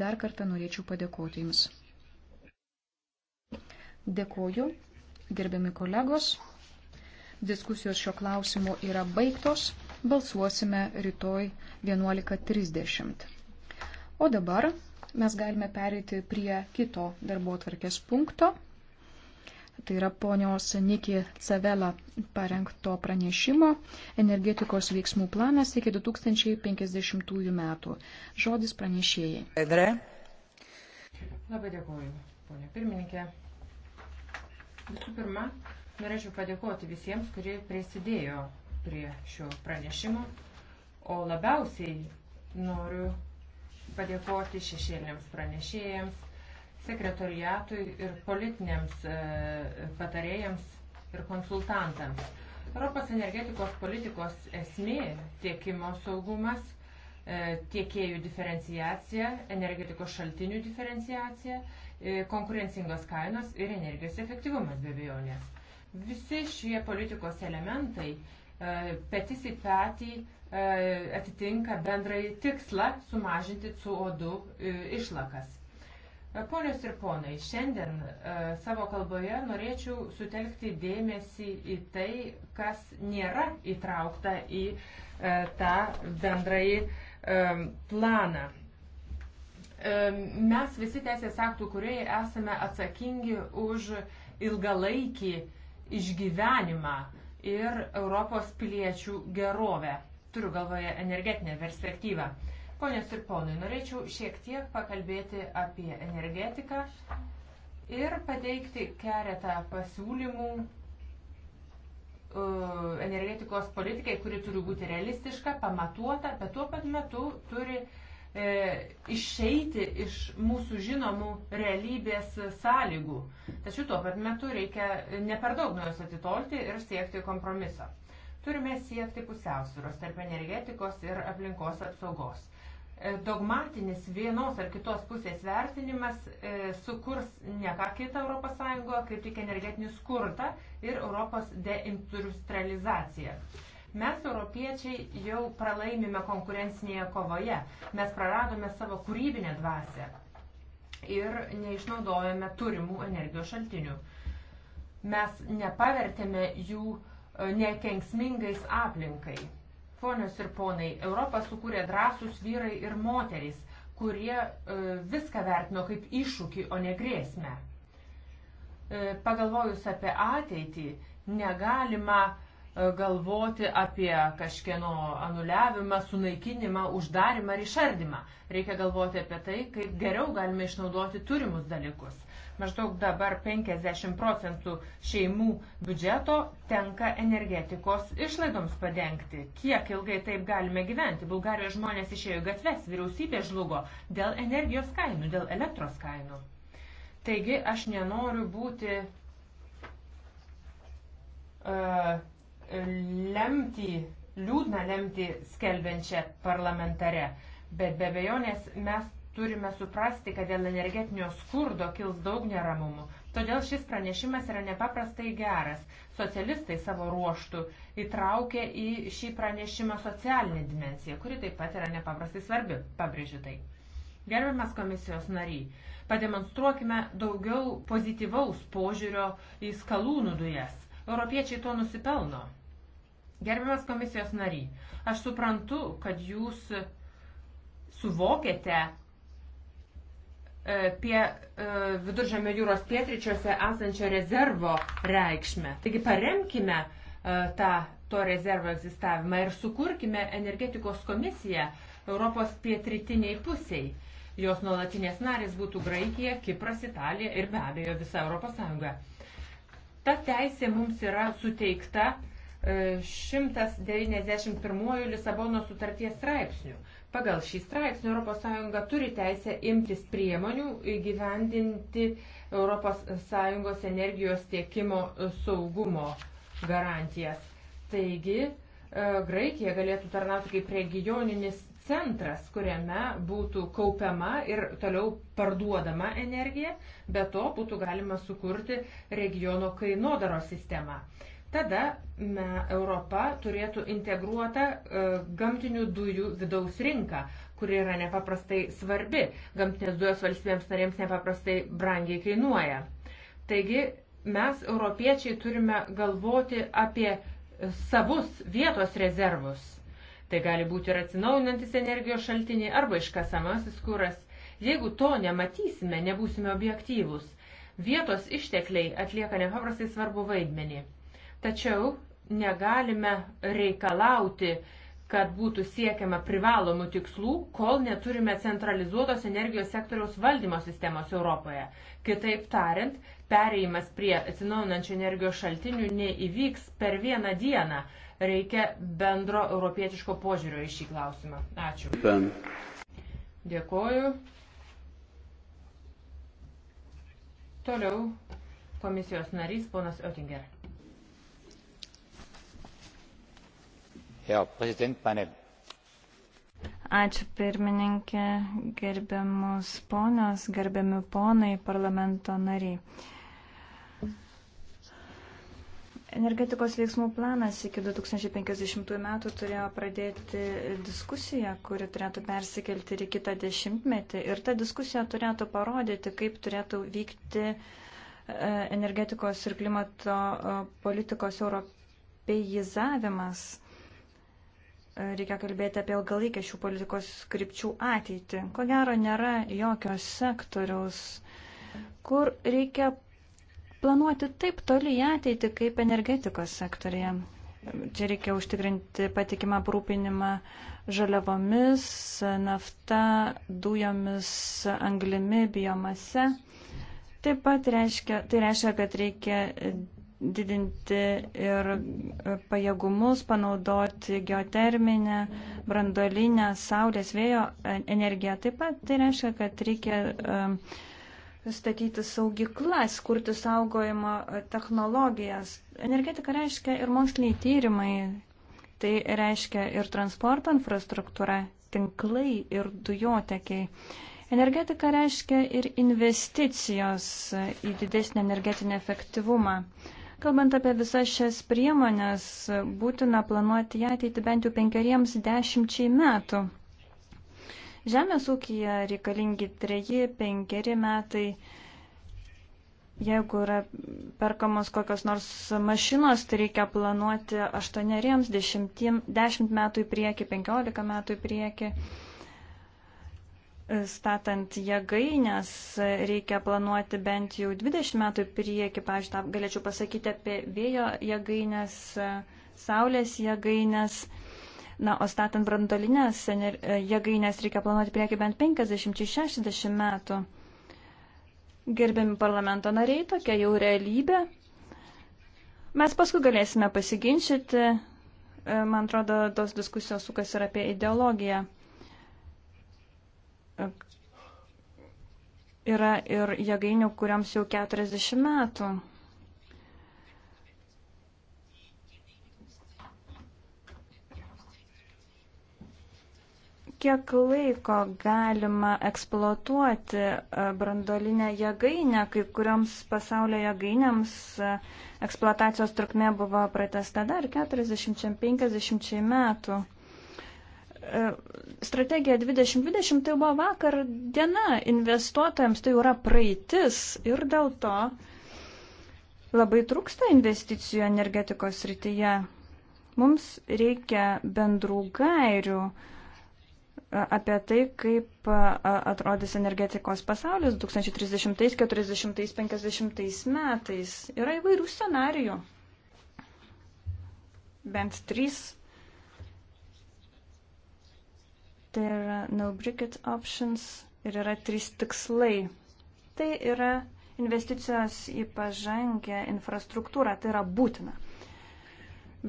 Dar kartą norėčiau padėkoti Jums. Dėkoju, gerbiami kolegos. Diskusijos šio klausimu yra baigtos. Balsuosime rytoj 11.30. O dabar mes galime pereiti prie kito darbo tvarkės punkto tai yra ponios Niki Cavela parengto pranešimo energetikos veiksmų planas iki 2050 metų. Žodis pranešėjai. Pedre. Labai dėkuoju, ponia pirmininkė. Visų pirma, norėčiau padėkoti visiems, kurie prisidėjo prie šio pranešimo, o labiausiai noriu padėkoti šešėliniams pranešėjams, sekretoriatui ir politiniams e, patarėjams ir konsultantams. Europos energetikos politikos esmė - tiekimo saugumas, e, tiekėjų diferenciacija, energetikos šaltinių diferenciacija, e, konkurencingos kainos ir energijos efektyvumas be abejonės. Visi šie politikos elementai petys į petį atitinka bendrai tikslą sumažinti CO2 išlakas. E, ponios ir ponai, šiandien e, savo kalboje norėčiau sutelkti dėmesį į tai, kas nėra įtraukta į e, tą bendrąjį planą. Mes visi teisės aktų, kurie esame atsakingi už ilgalaikį išgyvenimą ir Europos piliečių gerovę. Turiu galvoje energetinę perspektyvą. Ponios ir ponai, norėčiau šiek tiek pakalbėti apie energetiką ir pateikti keletą pasiūlymų e, energetikos politikai, kuri turi būti realistiška, pamatuota, bet tuo pat metu turi e, išeiti iš mūsų žinomų realybės sąlygų. Tačiau tuo pat metu reikia ne per daug nuo jos atitolti ir siekti kompromiso. Turime siekti pusiausvyros tarp energetikos ir aplinkos apsaugos. E, dogmatinis vienos ar kitos pusės vertinimas e, sukurs ne ką kitą ES, kaip tik energetinį skurdą ir Europos deindustrializaciją. Mes, europiečiai, jau pralaimime konkurencinėje kovoje. Mes praradome savo kūrybinę dvasę ir neišnaudojame turimų energijos šaltinių. Mes nepavertėme jų e, nekenksmingais aplinkai Ponios ir ponai, Europą sukūrė drąsūs vyrai ir moterys, kurie e, viską vertino kaip iššūkį, o ne grėsmę. E, pagalvojus apie ateitį, negalima e, galvoti apie kažkieno anuliavimą, sunaikinimą, uždarimą ar išardymą. Reikia galvoti apie tai, kaip geriau galime išnaudoti turimus dalykus. Maždaug dabar 50 procentų šeimų biudžeto tenka energetikos išlaidoms padengti. Kiek ilgai taip galime gyventi? Bulgarijos žmonės išėjo į gatves, vyriausybė žlugo dėl energijos kainų, dėl elektros kainų. Taigi aš nenoriu būti uh, lemti, liūdną lemti skelbiančią parlamentare. Bet be bejonės mes Turime suprasti, kad dėl energetinio skurdo kils daug neramumų. Todėl šis pranešimas yra nepaprastai geras. Socialistai savo ruoštų įtraukė į šį pranešimą socialinę dimenciją, kuri taip pat yra nepaprastai svarbi, pabrėžiu tai. Gerbiamas komisijos nariai, pademonstruokime daugiau pozityvaus požiūrio į skalūnų dujas. Europiečiai to nusipelno. Gerbiamas komisijos nariai, aš suprantu, kad jūs suvokėte, E, pie e, viduržėmio jūros pietryčiuose esančio rezervo reikšmę. Taigi paremkime e, tą, to rezervo egzistavimą ir sukurkime energetikos komisiją Europos pietrytiniai pusiai. Jos nuolatinės narės būtų Graikija, Kipras, Italija ir be abejo visa Europos Sąjunga. Ta teisė mums yra suteikta 191 Lisabono sutarties straipsnių. Pagal šį straipsnį ES turi teisę imtis priemonių įgyvendinti ES energijos tiekimo saugumo garantijas. Taigi, e, Graikija galėtų tarnauti kaip regioninis centras, kuriame būtų kaupiama ir toliau parduodama energija, be to būtų galima sukurti regiono kainodaro sistemą. Tada me, Europa turėtų integruotą e, gamtinių dujų vidaus rinką, kuri yra nepaprastai svarbi. Gamtinės dujos valstybėms narėms nepaprastai brangiai kainuoja. Taigi mes, europiečiai, turime galvoti apie savus vietos rezervus. Tai gali būti ir atsinaujinantis energijos šaltiniai arba iškasamasis kuras. Jeigu to nematysime, nebūsime objektyvūs. Vietos ištekliai atlieka nepaprastai svarbu vaidmenį. Tačiau negalime reikalauti, kad būtų siekiama privalomų tikslų, kol neturime centralizuotos energijos sektoriaus valdymo sistemos Europoje. Kitaip tariant, pereimas prie atsinaujinančių energijos šaltinių neįvyks per vieną dieną. Reikia bendro europietiško požiūrio į šį klausimą. Ačiū. Ben. Dėkoju. Toliau komisijos narys ponas Oettinger. herr präsident meine Ačiū pirmininkė, gerbiamus ponios, gerbiami ponai, parlamento nariai. Energetikos veiksmų planas iki 2050 metų turėjo pradėti diskusiją, kuri turėtų persikelti ir kitą dešimtmetį. Ir ta diskusija turėtų parodyti, kaip turėtų vykti e, energetikos ir klimato e, politikos europeizavimas reikia kalbėti apie ilgalaikę šių politikos skripčių ateitį. Ko gero nėra jokio sektoriaus, kur reikia planuoti taip toli į ateitį kaip energetikos sektorija. Čia reikia užtikrinti patikimą aprūpinimą žaliavomis, nafta, dujomis, anglimi, biomase. Taip pat reiškia, tai reiškia, kad reikia didinti ir e, pajėgumus, panaudoti geoterminę, brandolinę, saulės vėjo e, energiją. Taip pat tai reiškia, kad reikia e, statyti saugiklas, kurti saugojimo technologijas. Energetika reiškia ir moksliniai tyrimai, tai reiškia ir transporto infrastruktūra, tinklai ir dujotekiai. Energetika reiškia ir investicijos į didesnį energetinį efektyvumą. Kalbant apie visas šias priemonės, būtina planuoti ją ateiti bent jau penkeriems dešimčiai metų. Žemės ūkija reikalingi treji, penkeri metai. Jeigu yra perkamos kokios nors mašinos, tai reikia planuoti aštuoneriems, dešimt metų į priekį, penkiolika metų į priekį statant jėgainės reikia planuoti bent jau 20 metų į priekį. Pavyzdžiui, galėčiau pasakyti apie vėjo jėgainės, saulės jėgainės. Na, o statant brandolinės jėgainės reikia planuoti priekį bent 50-60 metų. Gerbiami parlamento nariai, tokia jau realybė. Mes paskui galėsime pasiginčyti. E, man atrodo, tos diskusijos sukas ir apie ideologiją yra ir jėgainių, kuriams jau 40 metų. Kiek laiko galima eksploatuoti e, brandolinę jėgainę, kai kurioms pasaulio jėgainėms e, eksploatacijos trukmė buvo pratesta dar 40-50 metų. E, strategija 2020 tai buvo vakar diena, investuotojams tai yra praeitis ir dėl to labai trūksta investicijų energetikos rytyje. Mums reikia bendrų gairių e, apie tai, kaip e, atrodys energetikos pasaulis 2030, 40, 50 metais. Yra įvairių scenarijų. Bent trys Tai yra no bricket options ir yra trys tikslai. Tai yra investicijos į pažangę infrastruktūrą, tai yra būtina.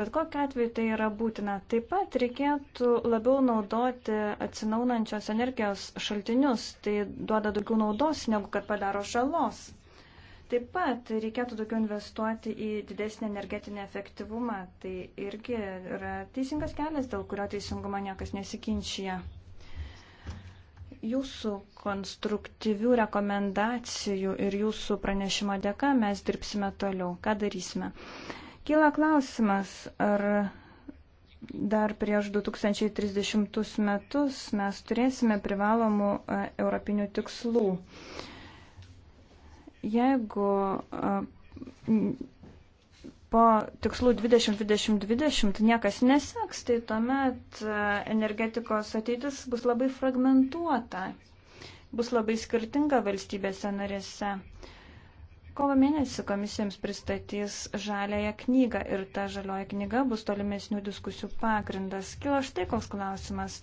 Bet kokiu atveju tai yra būtina. Taip pat reikėtų labiau naudoti atsinaunančios energijos šaltinius, tai duoda daugiau naudos negu kad padaro žalos. Taip pat reikėtų daugiau investuoti į didesnį energetinį efektyvumą. Tai irgi yra teisingas kelias, dėl kurio teisingumo niekas nesikinčia. Jūsų konstruktyvių rekomendacijų ir jūsų pranešimo dėka mes dirbsime toliau. Ką darysime? Kyla klausimas, ar dar prieš 2030 metus mes turėsime privalomų e, europinių tikslų. Uh, Jeigu po tikslų 20-20-20 niekas neseks, tai tuomet energetikos ateitis bus labai fragmentuota, bus labai skirtinga valstybėse narėse. Kovo mėnesį komisijoms pristatys žalėją knygą ir ta žalioja knyga bus tolimesnių diskusijų pagrindas. Kilo štai koks klausimas.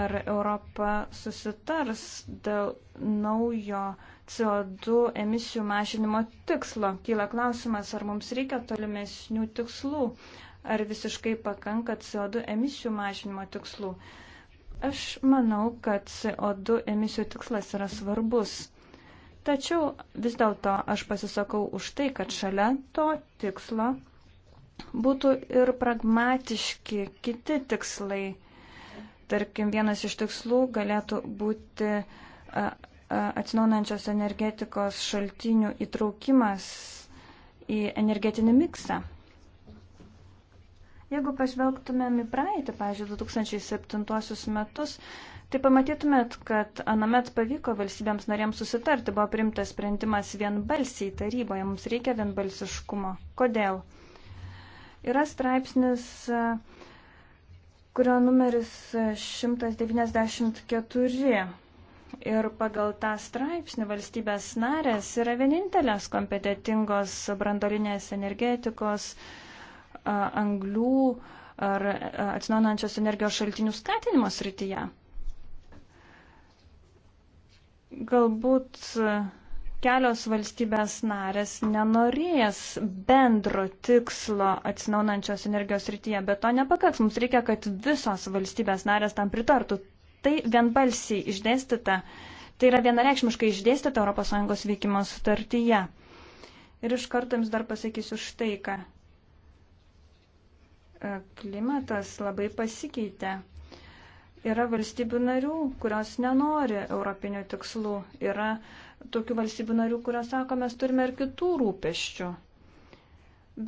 Ar Europa susitars dėl naujo CO2 emisijų mažinimo tikslo. Kyla klausimas, ar mums reikia tolimesnių tikslų, ar visiškai pakanka CO2 emisijų mažinimo tikslų. Aš manau, kad CO2 emisijų tikslas yra svarbus. Tačiau vis dėlto aš pasisakau už tai, kad šalia to tikslo būtų ir pragmatiški kiti tikslai. Tarkim, vienas iš tikslų galėtų būti atsinaunančios energetikos šaltinių įtraukimas į energetinį miksą. Jeigu pažvelgtumėm į praeitį, pavyzdžiui, 2007 metus, tai pamatytumėt, kad anamet pavyko valstybėms norėms susitarti, buvo primtas sprendimas vienbalsiai taryboje, mums reikia vienbalsiškumo. Kodėl? Yra straipsnis, kurio numeris 194 Ir pagal tą straipsnį valstybės narės yra vienintelės kompetitingos brandolinės energetikos, anglių ar atsinaujančios energijos šaltinių skatinimo srityje. Galbūt kelios valstybės narės nenorės bendro tikslo atsinaujančios energijos rytyje, bet to nepakaks. Mums reikia, kad visos valstybės narės tam pritartų tai vienbalsiai išdėstyta, tai yra vienareikšmiškai išdėstyta ES veikimo sutartyje. Ir iš karto jums dar pasakysiu štai ką. E, klimatas labai pasikeitė. Yra valstybių narių, kurios nenori europinių tikslų. Yra tokių valstybių narių, kurios sako, mes turime ir kitų rūpeščių.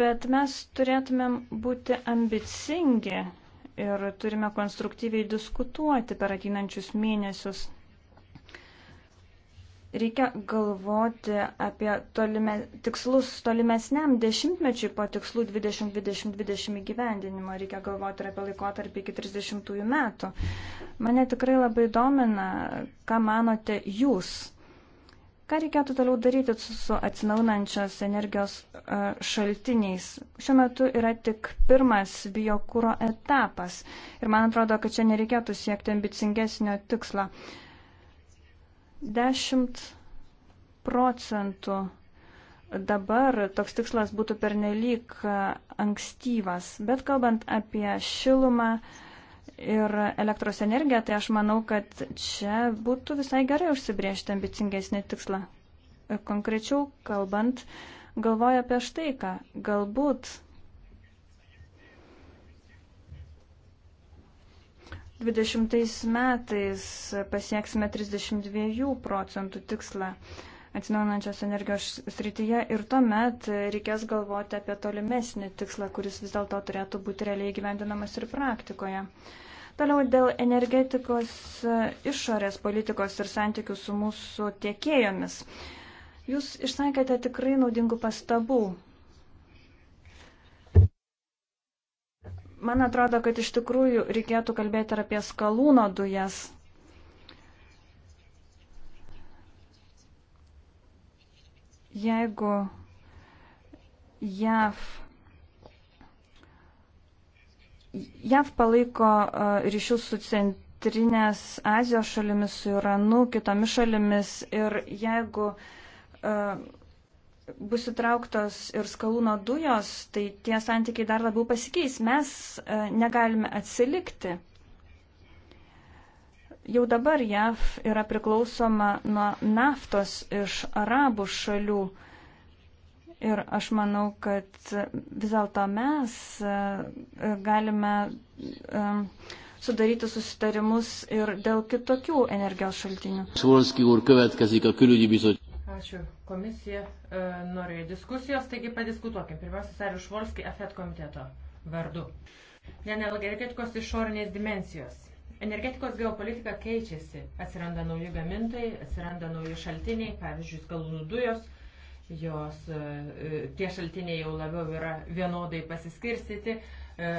Bet mes turėtumėm būti ambicingi ir turime konstruktyviai diskutuoti per ateinančius mėnesius. Reikia galvoti apie tolime, tikslus tolimesniam dešimtmečiui po tikslų 2020-2020 įgyvendinimo. Reikia galvoti ir apie laikotarpį iki 30 metų. Mane tikrai labai domina, ką manote jūs Ką reikėtų toliau daryti su, su atsinaunančios energijos e, šaltiniais? Šiuo metu yra tik pirmas biokūro etapas ir man atrodo, kad čia nereikėtų siekti ambicingesnio tikslo. 10 procentų dabar toks tikslas būtų pernelyg e, ankstyvas, bet kalbant apie šilumą, uh, ir elektros energiją, tai aš manau, kad čia būtų visai gerai užsibriežti ambicingesnį tikslą. Konkrečiau kalbant, galvoju apie štai ką. Galbūt 20 metais pasieksime 32 procentų tikslą atsinaujinančios energijos srityje ir tuomet reikės galvoti apie tolimesnį tikslą, kuris vis dėlto turėtų būti realiai gyvendinamas ir praktikoje. Uh, Toliau dėl energetikos e, išorės politikos ir santykių su mūsų tiekėjomis. Jūs išsakėte tikrai naudingų pastabų. Man atrodo, kad iš tikrųjų reikėtų kalbėti ir apie skalūno dujas, jeigu JAV JAV palaiko e, ryšius su centrinės Azijos šalimis, su Iranu, kitomis šalimis ir jeigu e, bus įtrauktos ir skalūno dujos, tai tie santykiai dar labiau pasikeis. Mes e, negalime atsilikti. Jau dabar JAV yra priklausoma nuo naftos iš arabų šalių. Ir aš manau, kad vis dėlto mes e, galime e, sudaryti susitarimus ir dėl kitokių energijos šaltinių. Ačiū. Komisija e, norėjo diskusijos, taigi padiskutuokim. Pirmiausia, Sariu Švolskį, AFET komiteto vardu. Dėl energetikos išorinės dimensijos. Energetikos geopolitika keičiasi. Atsiranda nauji gamintojai, atsiranda nauji šaltiniai, pavyzdžiui, skalūnų dujos Jos e, tie šaltiniai jau labiau yra vienodai pasiskirstyti, e,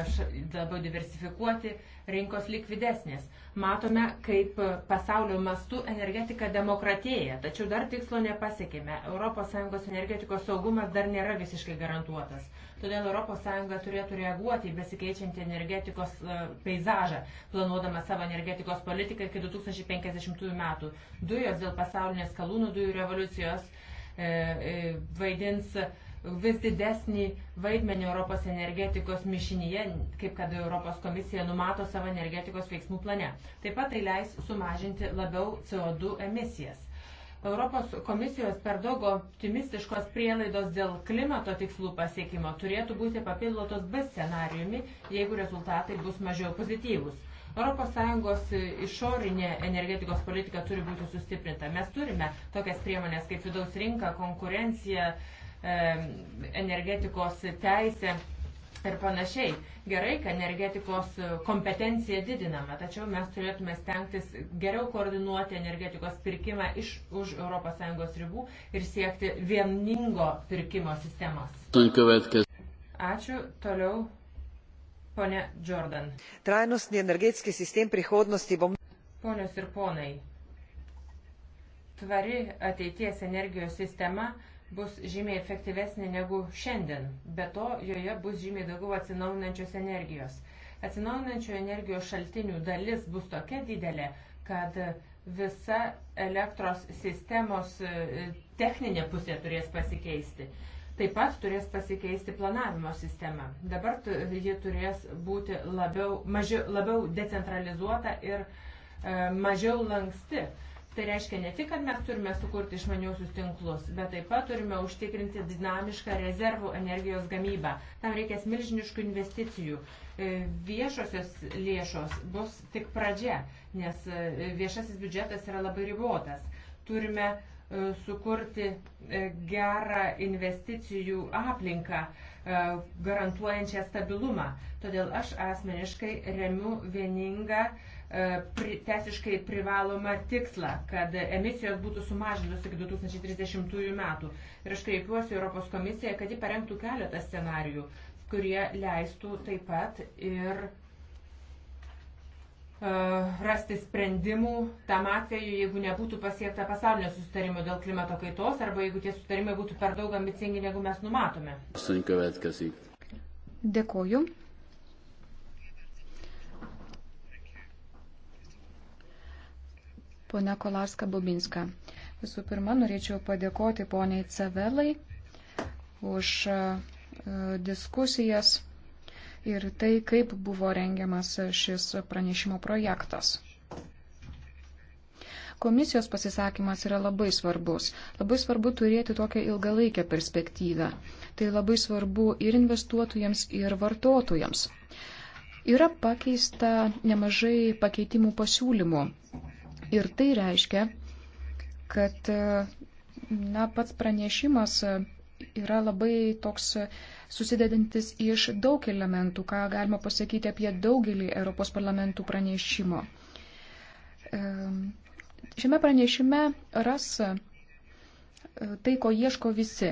labiau diversifikuoti, rinkos likvidesnės. Matome, kaip pasaulio mastu energetika demokratėja, tačiau dar tikslo nepasiekėme. ES energetikos saugumas dar nėra visiškai garantuotas. Todėl ES turėtų reaguoti į besikeičiantį energetikos e, peizažą, planuodama savo energetikos politiką iki 2050 metų. Dujos dėl pasaulinės kalūnų dujų revoliucijos E, e, vaidins vis didesnį vaidmenį Europos energetikos mišinyje, kaip kad Europos komisija numato savo energetikos veiksmų plane. Taip pat tai leis sumažinti labiau CO2 emisijas. Europos komisijos per daug optimistiškos prielaidos dėl klimato tikslų pasiekimo turėtų būti papildotos B scenariumi, jeigu rezultatai bus mažiau pozityvūs. ES išorinė energetikos politika turi būti sustiprinta. Mes turime tokias priemonės kaip vidaus rinka, konkurencija, energetikos teisė ir panašiai. Gerai, kad energetikos kompetenciją didiname, tačiau mes turėtume stengtis geriau koordinuoti energetikos pirkimą iš už ES ribų ir siekti vieningo pirkimo sistemos. Ačiū. Toliau Pone Jordan. Trajnostni energetski sistem prihodnosti bom. Ponios ir ponai, tvari ateities energijos sistema bus žymiai efektyvesnė negu šiandien. Be to, joje bus žymiai daugiau atsinaujinančios energijos. Atsinaujinančių energijos šaltinių dalis bus tokia didelė, kad visa elektros sistemos e, techninė pusė turės pasikeisti. Taip pat turės pasikeisti planavimo sistema. Dabar ji turės būti labiau, maži, labiau decentralizuota ir e, mažiau lanksti. Tai reiškia ne tik, kad mes turime sukurti išmaniausius tinklus, bet taip pat turime užtikrinti dinamišką rezervų energijos gamybą. Tam reikės milžiniškų investicijų. E, viešosios lėšos bus tik pradžia, nes e, viešasis biudžetas yra labai ribotas. Turime uh, E, sukurti e, gerą investicijų aplinką, e, garantuojančią stabilumą. Todėl aš asmeniškai remiu vieningą teisiškai privalomą tikslą, kad emisijos būtų sumažintos iki 2030 metų. Ir aš kreipiuosi Europos komisiją, kad ji parengtų keletą scenarijų, kurie leistų taip pat ir E, rasti sprendimų tam atveju, jeigu nebūtų pasiekta pasaulinio sustarimo dėl klimato kaitos arba jeigu tie sustarimai būtų per daug ambicingi, negu mes numatome. Dėkoju. Pone Kolarska Bubinska. Visų pirma, norėčiau padėkoti poniai Cevelai už e, diskusijas ir tai, kaip buvo rengiamas šis pranešimo projektas. Komisijos pasisakymas yra labai svarbus. Labai svarbu turėti tokią ilgalaikę perspektyvą. Tai labai svarbu ir investuotojams, ir vartotojams. Yra pakeista nemažai pakeitimų pasiūlymų. Ir tai reiškia, kad na, pats pranešimas yra labai toks susidedantis iš daug elementų, ką galima pasakyti apie daugelį Europos parlamentų pranešimo. Šiame pranešime ras e, tai, ko ieško visi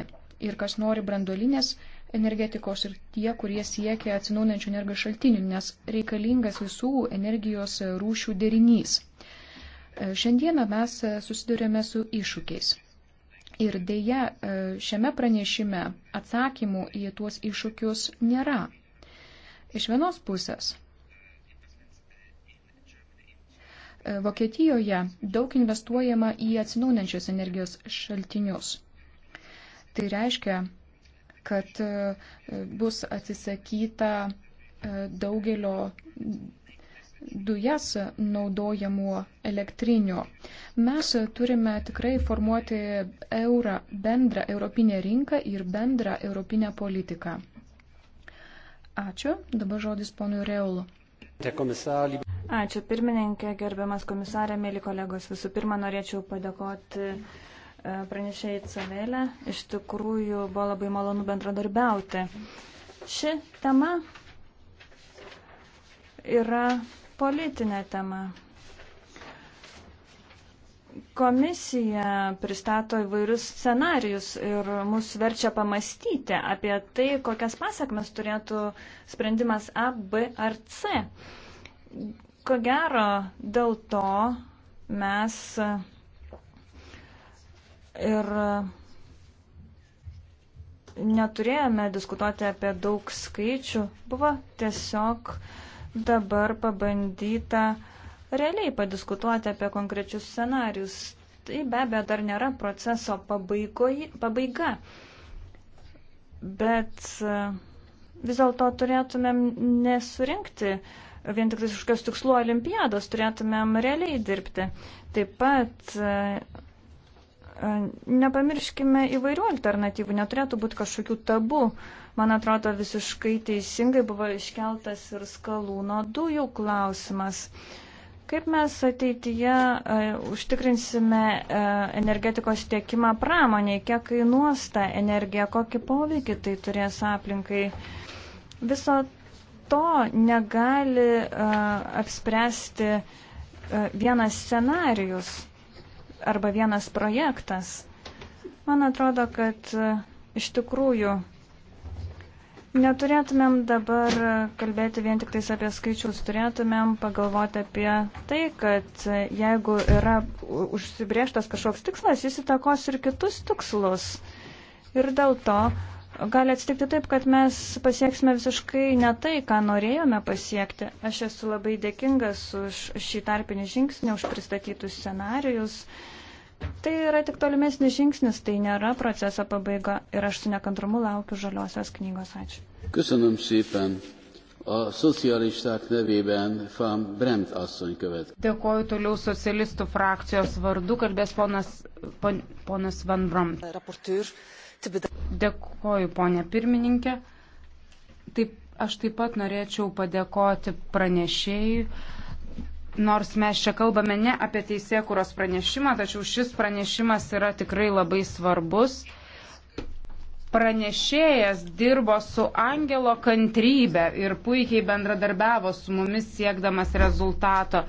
ir kas nori brandolinės energetikos ir tie, kurie siekia atsinaujančių energijos šaltinių, nes reikalingas visų energijos rūšių derinys. E, šiandieną mes e, susidurėme su iššūkiais. Ir dėja, e, šiame pranešime atsakymų į tuos iššūkius nėra. Iš vienos pusės. E, Vokietijoje daug investuojama į atsinaunančius energijos šaltinius. Tai reiškia, kad e, bus atsisakyta daugelio dujas naudojamų elektrinių. Mes turime tikrai formuoti eurą, bendrą europinę rinką ir bendrą europinę politiką. Ačiū. Dabar žodis ponui Reulu. Ačiū pirmininkė, gerbiamas komisarė, mėly kolegos. Visų pirma, norėčiau padėkoti e, pranešėjai Cavelę. Iš tikrųjų, buvo labai malonu bendradarbiauti. Ši tema yra politinė tema. Komisija pristato įvairius scenarius ir mus verčia pamastyti apie tai, kokias pasiekmes turėtų sprendimas A, B ar C. Ko gero, dėl to mes ir neturėjome diskutuoti apie daug skaičių. Buvo tiesiog uh, dabar pabandyta realiai padiskutuoti apie konkrečius scenarius. Tai be abejo dar nėra proceso pabaigoj, pabaiga, bet e, vis dėlto turėtumėm nesurinkti vien tik kažkokios tikslo olimpiados, turėtumėm realiai dirbti. Taip pat e, Nepamirškime įvairių alternatyvų, neturėtų būti kažkokių tabų. Man atrodo, visiškai teisingai buvo iškeltas ir skalūno dujų klausimas. Kaip mes ateityje e, užtikrinsime e, energetikos tiekimą pramoniai, kiek kainuos ta energija, kokį poveikį tai turės aplinkai. Viso to negali e, apspręsti e, vienas scenarius arba vienas projektas. Man atrodo, kad e, iš tikrųjų neturėtumėm dabar kalbėti vien tik tais apie skaičius, turėtumėm pagalvoti apie tai, kad e, jeigu yra užsibrieštas kažkoks tikslas, jis įtakos ir kitus tikslus. Ir dėl to Gali atsitikti taip, kad mes pasieksime visiškai ne tai, ką norėjome pasiekti. Aš esu labai dėkingas už šį tarpinį žingsnį, už pristatytus scenarius. Tai yra tik tolimesnis žingsnis, tai nėra proceso pabaiga ir aš su nekantrumu laukiu žaliosios knygos. Ačiū. Köszönöm szépen. A szocialisták nevében Fam Bremt asszony követ. Dėkoju toliau socialistų frakcijos vardu, kalbės ponas, pon, ponas Van Bremt. Raportūr. Dėkuoju, ponė pirmininkė. Taip, aš taip pat norėčiau padėkoti pranešėjui. Nors mes čia kalbame ne apie teisėkuros pranešimą, tačiau šis pranešimas yra tikrai labai svarbus pranešėjas dirbo su angelo kantrybė ir puikiai bendradarbiavo su mumis siekdamas rezultato.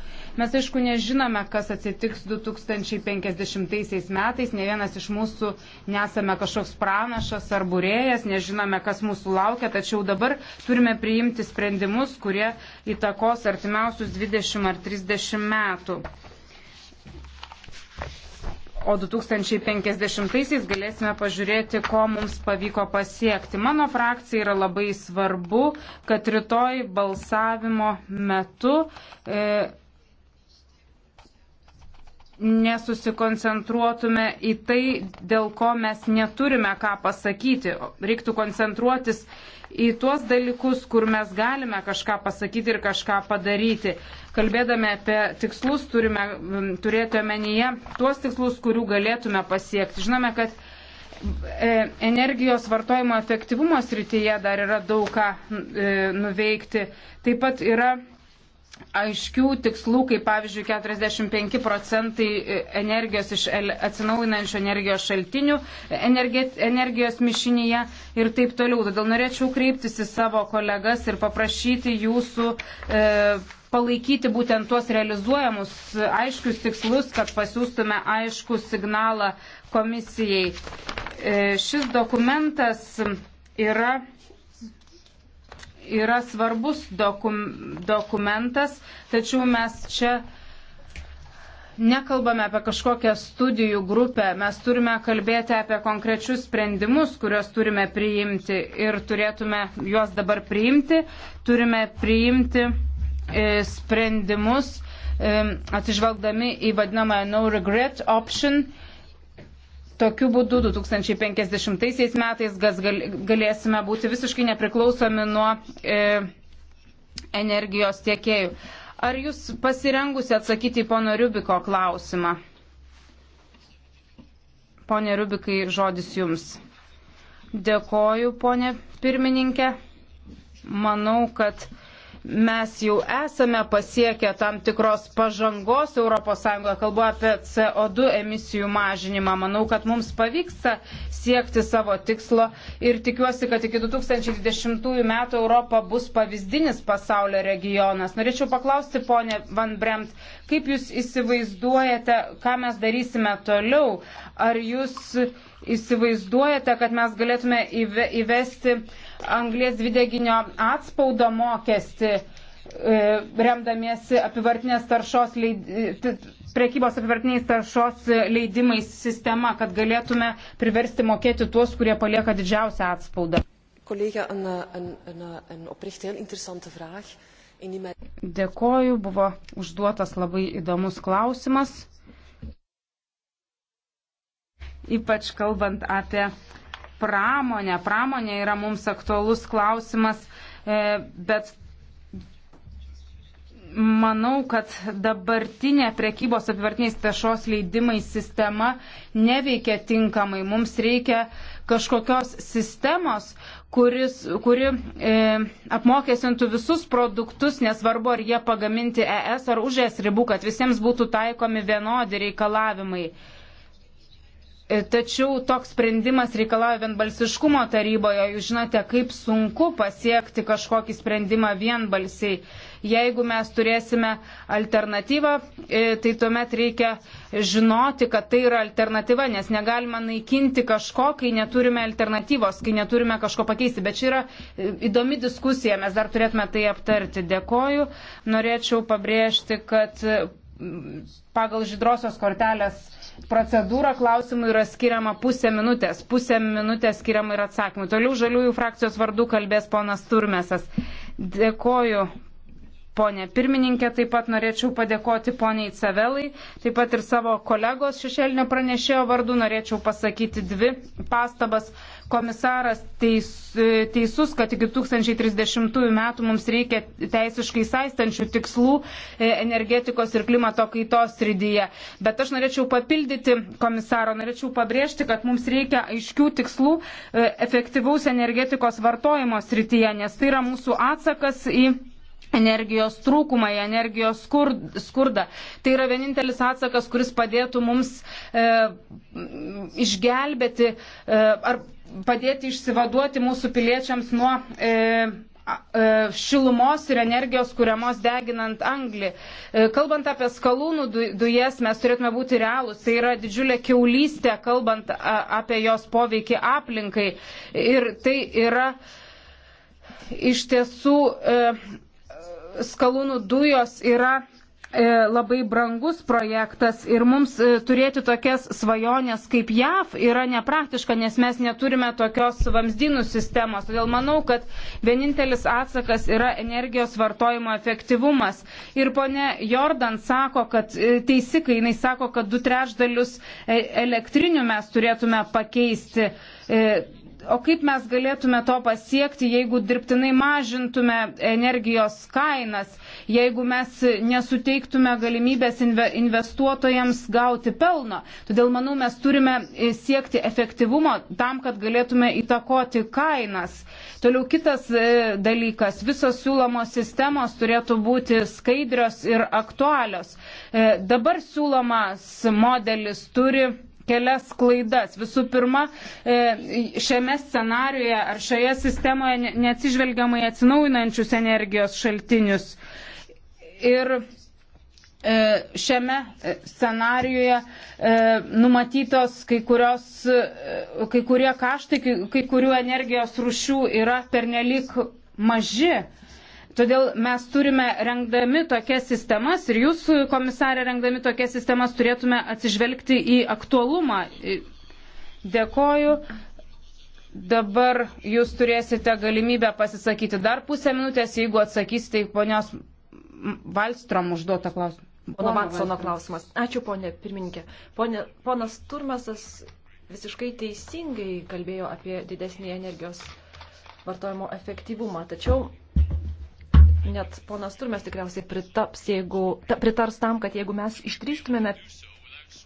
Mes aišku nežinome, kas atsitiks 2050 metais, ne vienas iš mūsų nesame kažkoks pranašas ar būrėjas, nežinome, kas mūsų laukia, tačiau dabar turime priimti sprendimus, kurie įtakos artimiausius 20 ar 30 metų o 2050-aisiais galėsime pažiūrėti, ko mums pavyko pasiekti. Mano frakcija yra labai svarbu, kad rytoj balsavimo metu e, nesusikoncentruotume į tai, dėl ko mes neturime ką pasakyti. Reiktų koncentruotis į tuos dalykus, kur mes galime kažką pasakyti ir kažką padaryti kalbėdami apie tikslus, turime turėti omenyje tuos tikslus, kurių galėtume pasiekti. Žinome, kad e, energijos vartojimo efektyvumo srityje dar yra daug ką e, nuveikti. Taip pat yra aiškių tikslų, kaip pavyzdžiui 45 procentai e, energijos iš atsinaujinančių energijos šaltinių energijos mišinyje ir taip toliau. Todėl norėčiau kreiptis į savo kolegas ir paprašyti jūsų e, palaikyti būtent tuos realizuojamus e, aiškius tikslus, kad pasiūstume aiškų signalą komisijai. E, šis dokumentas yra, yra svarbus dokum, dokumentas, tačiau mes čia nekalbame apie kažkokią studijų grupę, mes turime kalbėti apie konkrečius sprendimus, kuriuos turime priimti ir turėtume juos dabar priimti, turime priimti E, sprendimus e, atsižvelgdami į vadinamą no regret option. Tokiu būdu 2050 metais galėsime būti visiškai nepriklausomi nuo e, energijos tiekėjų. Ar jūs pasirengusi atsakyti į pono Rubiko klausimą? Pone Rubikai, žodis jums. Dėkoju, ponė pirmininkė. Manau, kad mes jau esame pasiekę tam tikros pažangos ES, kalbu apie CO2 emisijų mažinimą. Manau, kad mums pavyksta siekti savo tikslo ir tikiuosi, kad iki 2020 metų Europa bus pavyzdinis pasaulio regionas. Norėčiau paklausti, ponė Van Bremt, kaip jūs įsivaizduojate, ką mes darysime toliau? Ar jūs įsivaizduojate, kad mes galėtume įvesti anglės dvideginio atspaudo mokestį e, remdamiesi apivartinės taršos leid... E, prekybos apivartiniais taršos leidimais sistema, kad galėtume priversti mokėti tuos, kurie palieka didžiausią atspaudą. Kolega, een, een, een, een oprecht heel interessante vraag. Dėkoju, buvo užduotas labai įdomus klausimas, ypač kalbant apie pramonę. Pramonė yra mums aktualus klausimas, e, bet manau, kad dabartinė prekybos apivartiniais pešos leidimai sistema neveikia tinkamai. Mums reikia kažkokios sistemos, kuris, kuri e, apmokėsintų visus produktus, nesvarbu ar jie pagaminti ES ar už ES ribų, kad visiems būtų taikomi vienodi reikalavimai. E, E, tačiau toks sprendimas reikalauja vienbalsiškumo taryboje. Jūs žinote, kaip sunku pasiekti kažkokį sprendimą vienbalsiai. Jeigu mes turėsime alternatyvą, e, tai tuomet reikia žinoti, kad tai yra alternatyva, nes negalima naikinti kažko, kai neturime alternatyvos, kai neturime kažko pakeisti. Bet čia yra e, įdomi diskusija, mes dar turėtume tai aptarti. Dėkoju. Norėčiau pabrėžti, kad pagal žydrosios kortelės procedūrą klausimų yra skiriama pusė minutės. Pusė minutės skiriama ir atsakymų. Toliau žaliųjų frakcijos vardu kalbės ponas Turmesas. Dėkoju, Pone pirmininkė, taip pat norėčiau padėkoti poniai Cevelai, taip pat ir savo kolegos šešėlinio pranešėjo vardu norėčiau pasakyti dvi pastabas. Komisaras teis, e, teisus, kad iki 2030 metų mums reikia teisiškai saistančių tikslų e, energetikos ir klimato kaitos rydyje. Bet aš norėčiau papildyti komisaro, norėčiau pabrėžti, kad mums reikia aiškių tikslų e, efektyvaus energetikos vartojimo srityje, nes tai yra mūsų atsakas į energijos trūkumą, į energijos skur, skurdą. Tai yra vienintelis atsakas, kuris padėtų mums e, išgelbėti e, ar padėti išsivaduoti mūsų piliečiams nuo e, e šilumos ir energijos kuriamos deginant anglį. E, kalbant apie skalūnų dujas, mes turėtume būti realūs. Tai yra didžiulė keulystė, kalbant apie jos poveikį aplinkai. Ir tai yra iš tiesų e, skalūnų dujos yra e, labai brangus projektas ir mums e, turėti tokias svajonės kaip JAV yra nepraktiška, nes mes neturime tokios vamzdynų sistemos. Todėl manau, kad vienintelis atsakas yra energijos vartojimo efektyvumas. Ir ponė Jordan sako, kad e, teisi, kai jinai sako, kad du trečdalius elektrinių mes turėtume pakeisti O kaip mes galėtume to pasiekti, jeigu dirbtinai mažintume energijos kainas, jeigu mes nesuteiktume galimybės investuotojams gauti pelno? Todėl manau, mes turime e, siekti efektyvumo tam, kad galėtume įtakoti kainas. Toliau kitas e, dalykas, visos siūlomos sistemos turėtų būti skaidrios ir aktualios. E, dabar siūlomas modelis turi kelias klaidas. Visų pirma, e, šiame scenariuje ar šioje sistemoje neatsižvelgiamai atsinaujinančius energijos šaltinius. Ir e, šiame e, scenarijoje numatytos kai, kurios, kai kurie kaštai, kai kurių energijos rušių yra pernelyg maži. Todėl mes turime, rengdami tokias sistemas ir jūs, komisarė, rengdami tokias sistemas turėtume atsižvelgti į aktualumą. Dėkoju. Dabar jūs turėsite galimybę pasisakyti dar pusę minutės, jeigu atsakysite į ponios Valstrom užduotą klausimą. Pono Matsono klausimas. Ačiū, ponė pirmininkė. Pone, ponas Turmasas visiškai teisingai kalbėjo apie didesnį energijos vartojimo efektyvumą. Tačiau net ponas Turmes tikriausiai pritaps, jeigu, ta, pritars tam, kad jeigu mes ištryštumėme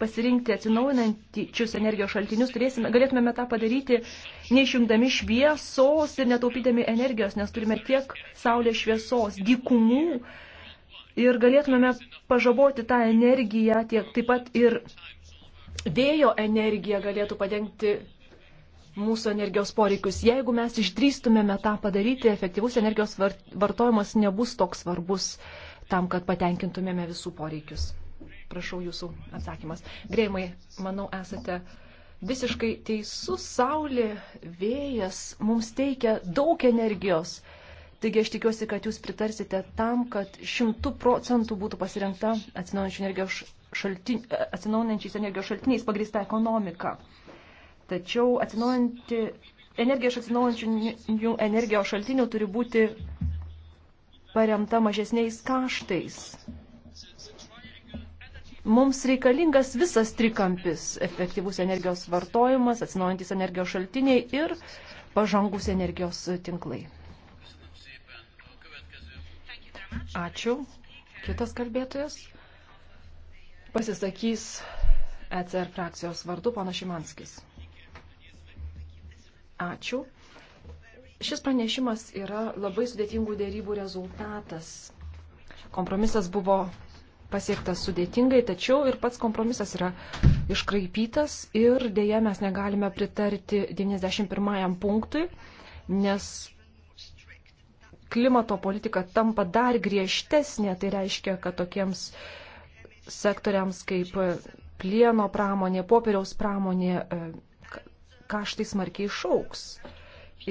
pasirinkti atsinaujinančius energijos šaltinius, turėsime, galėtumėme tą padaryti neišjungdami šviesos ir netaupydami energijos, nes turime tiek saulės šviesos, dykumų ir galėtumėme pažaboti tą energiją, tiek taip pat ir vėjo energija galėtų padengti mūsų energijos poreikius. Jeigu mes išdrįstumėme tą padaryti, efektyvus energijos vartojimas nebus toks svarbus tam, kad patenkintumėme visų poreikius. Prašau jūsų atsakymas. Greimai, manau, esate visiškai teisus. Saulė, vėjas mums teikia daug energijos. Taigi aš tikiuosi, kad jūs pritarsite tam, kad šimtų procentų būtų pasirengta atsinaujinančiais energijos, šaltin, energijos šaltiniais pagrįsta ekonomika. Tačiau energija iš atsinaujančių energijos šaltinių turi būti paremta mažesniais kaštais. Mums reikalingas visas trikampis - efektyvus energijos vartojimas, atsinaujantis energijos šaltiniai ir pažangus energijos tinklai. Ačiū. Kitas kalbėtojas pasisakys ECR frakcijos vardu, pana Šimanskis. Ačiū. Šis pranešimas yra labai sudėtingų dėrybų rezultatas. Kompromisas buvo pasiektas sudėtingai, tačiau ir pats kompromisas yra iškraipytas ir dėja mes negalime pritarti 91 punktui, nes klimato politika tampa dar griežtesnė, tai reiškia, kad tokiems sektoriams kaip plieno pramonė, popieriaus pramonė, kaštai smarkiai šauks.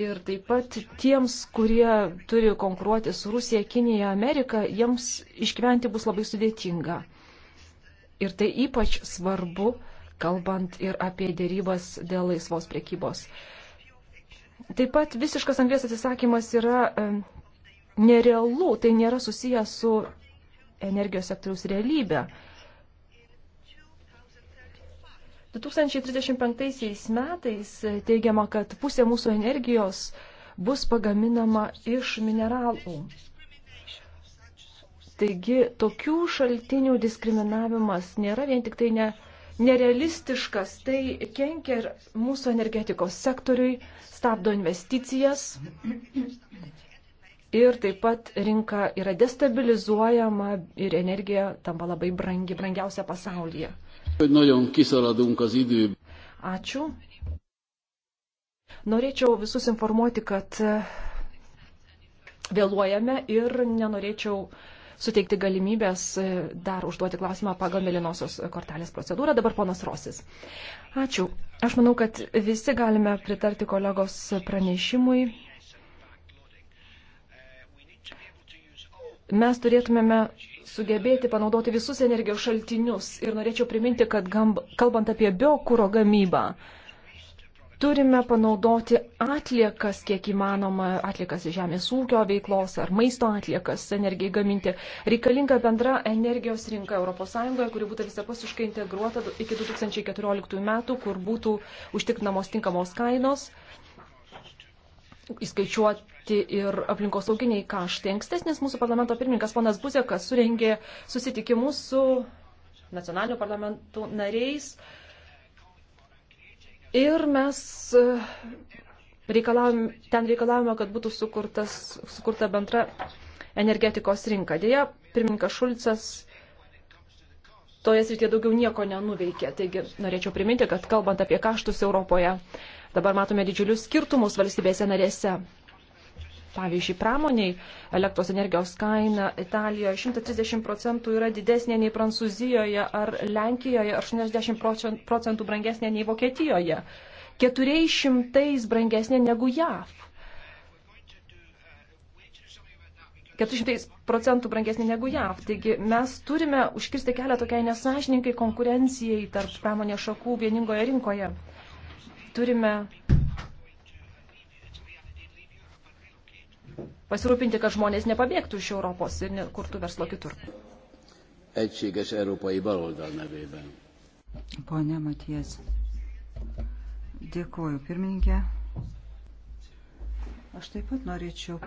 Ir taip pat tiems, kurie turi konkuruoti su Rusija, Kinija, Amerika, jiems išgyventi bus labai sudėtinga. Ir tai ypač svarbu, kalbant ir apie dėrybas dėl laisvos priekybos. Taip pat visiškas anglės atsisakymas yra nerealu, tai nėra susijęs su energijos sektoriaus realybė. 2035 metais teigiama, kad pusė mūsų energijos bus pagaminama iš mineralų. Taigi tokių šaltinių diskriminavimas nėra vien tik tai ne, nerealistiškas, tai kenkia ir mūsų energetikos sektoriui, stabdo investicijas ir taip pat rinka yra destabilizuojama ir energija tampa labai brangi, brangiausia pasaulyje. Ačiū. Norėčiau visus informuoti, kad e, vėluojame ir nenorėčiau suteikti galimybės e, dar užduoti klausimą pagal mėlynosios kortelės procedūrą. Dabar ponas Rosis. Ačiū. Aš manau, kad visi galime pritarti kolegos pranešimui. Mes turėtumėme sugebėti panaudoti visus energijos šaltinius. Ir norėčiau priminti, kad gamb, kalbant apie biokūro gamybą, turime panaudoti atliekas, kiek įmanoma, atliekas iš žemės ūkio veiklos ar maisto atliekas energijai gaminti. Reikalinga bendra energijos rinka ES, kuri būtų visapusiškai integruota iki 2014 metų, kur būtų užtikrinamos tinkamos kainos įskaičiuoti ir aplinkosauginiai kaštai. Ankstesnis mūsų parlamento pirmininkas ponas Buzekas surengė susitikimus su nacionalinių parlamentų nariais ir mes e, reikalavim, ten reikalavome, kad būtų sukurtas, sukurta bendra energetikos rinka. Dėja, pirmininkas Šulcas toje srityje daugiau nieko nenuveikė. Taigi norėčiau priminti, kad kalbant apie kaštus Europoje, Dabar matome didžiulius skirtumus valstybėse narėse. Pavyzdžiui, pramoniai elektros energijos kaina Italijoje 130 procentų yra didesnė nei Prancūzijoje ar Lenkijoje, ar 80 procentų brangesnė nei Vokietijoje, 400 brangesnė negu JAV. 400 procentų brangesnė negu JAV. Taigi mes turime užkirsti kelią tokiai nesažininkai konkurencijai tarp pramonės šakų vieningoje rinkoje. Turime pasirūpinti, kad žmonės nepabėgtų iš Europos ir kurtų verslo kitur. Egységes Európai Baloldal nevében. Pone Matijas, dėkoju pirmininkė. Aš taip pat norėčiau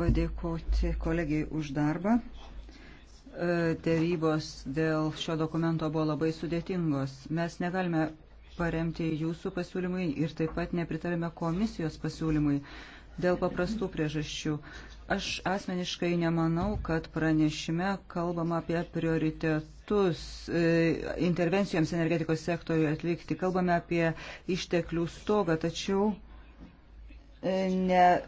padėkoti kolegijai už darbą. E, dėrybos dėl šio dokumento buvo labai sudėtingos. Mes negalime paremti jūsų pasiūlymui ir taip pat nepritarėme komisijos pasiūlymui dėl paprastų priežasčių. Aš asmeniškai nemanau, kad pranešime kalbama apie prioritetus e, intervencijoms energetikos sektoriui atlikti. Kalbame apie išteklių stogą, tačiau ne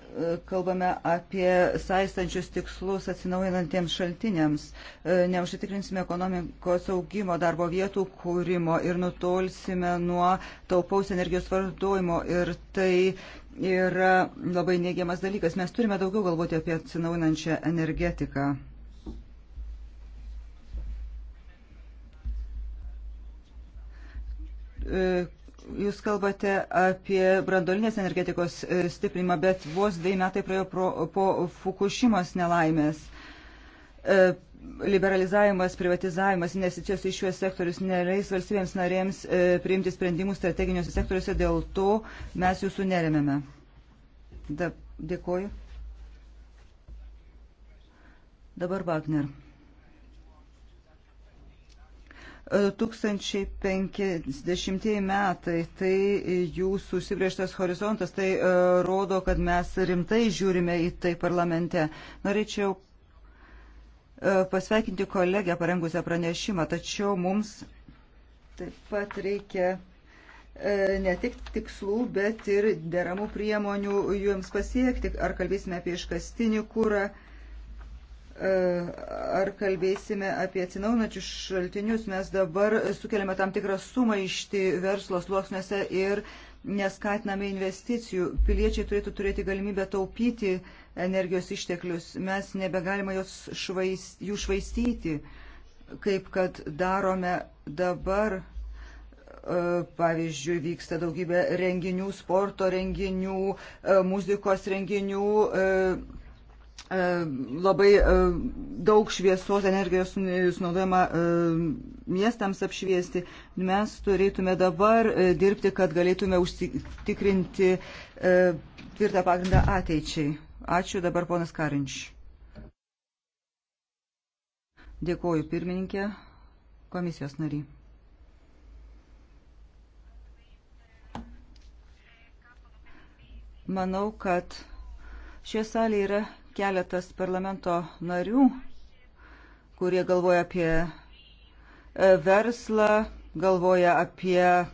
kalbame apie saistančius tikslus atsinaujinantiems šaltiniams, e, neužsitikrinsime ekonomikos augimo, darbo vietų kūrimo ir nutolsime nuo taupaus energijos vardojimo. Ir tai yra labai neigiamas dalykas. Mes turime daugiau galvoti apie atsinaujinančią energetiką. E, Jūs kalbate apie brandolinės energetikos e, stiprinimą, bet vos dviejai metai praėjo pro, po Fukushimos nelaimės. E, liberalizavimas, privatizavimas, investicijos į šiuos sektorius neleis valstybėms narėms e, priimti sprendimų strateginiuose sektoriuose, dėl to mes jūsų neremėme. Dėkuoju. Dabar Wagner. 2050 metai, tai jūsų užsibrieštas horizontas, tai e, rodo, kad mes rimtai žiūrime į tai parlamente. Norėčiau e, pasveikinti kolegę parengusią pranešimą, tačiau mums taip pat reikia e, ne tik tikslų, bet ir deramų priemonių jums pasiekti. Ar kalbėsime apie iškastinį kūrą, E, ar kalbėsime apie atsinaunančius šaltinius, mes dabar sukeliame tam tikrą sumaištį verslo sluoksniuose ir neskatiname investicijų. Piliečiai turėtų turėti galimybę taupyti energijos išteklius. Mes nebegalime jos švaist, jų švaistyti, kaip kad darome dabar. E, pavyzdžiui, vyksta daugybė renginių, sporto renginių, e, muzikos renginių, E, labai e, daug šviesos energijos sunaudojama e, miestams apšviesti. Mes turėtume dabar dirbti, kad galėtume užtikrinti tvirtą pagrindą ateičiai. Ačiū dabar ponas Karinč. Dėkoju pirmininkė, komisijos nariai. Manau, kad šioje salėje yra keletas parlamento narių, kurie galvoja apie e, verslą, galvoja apie e,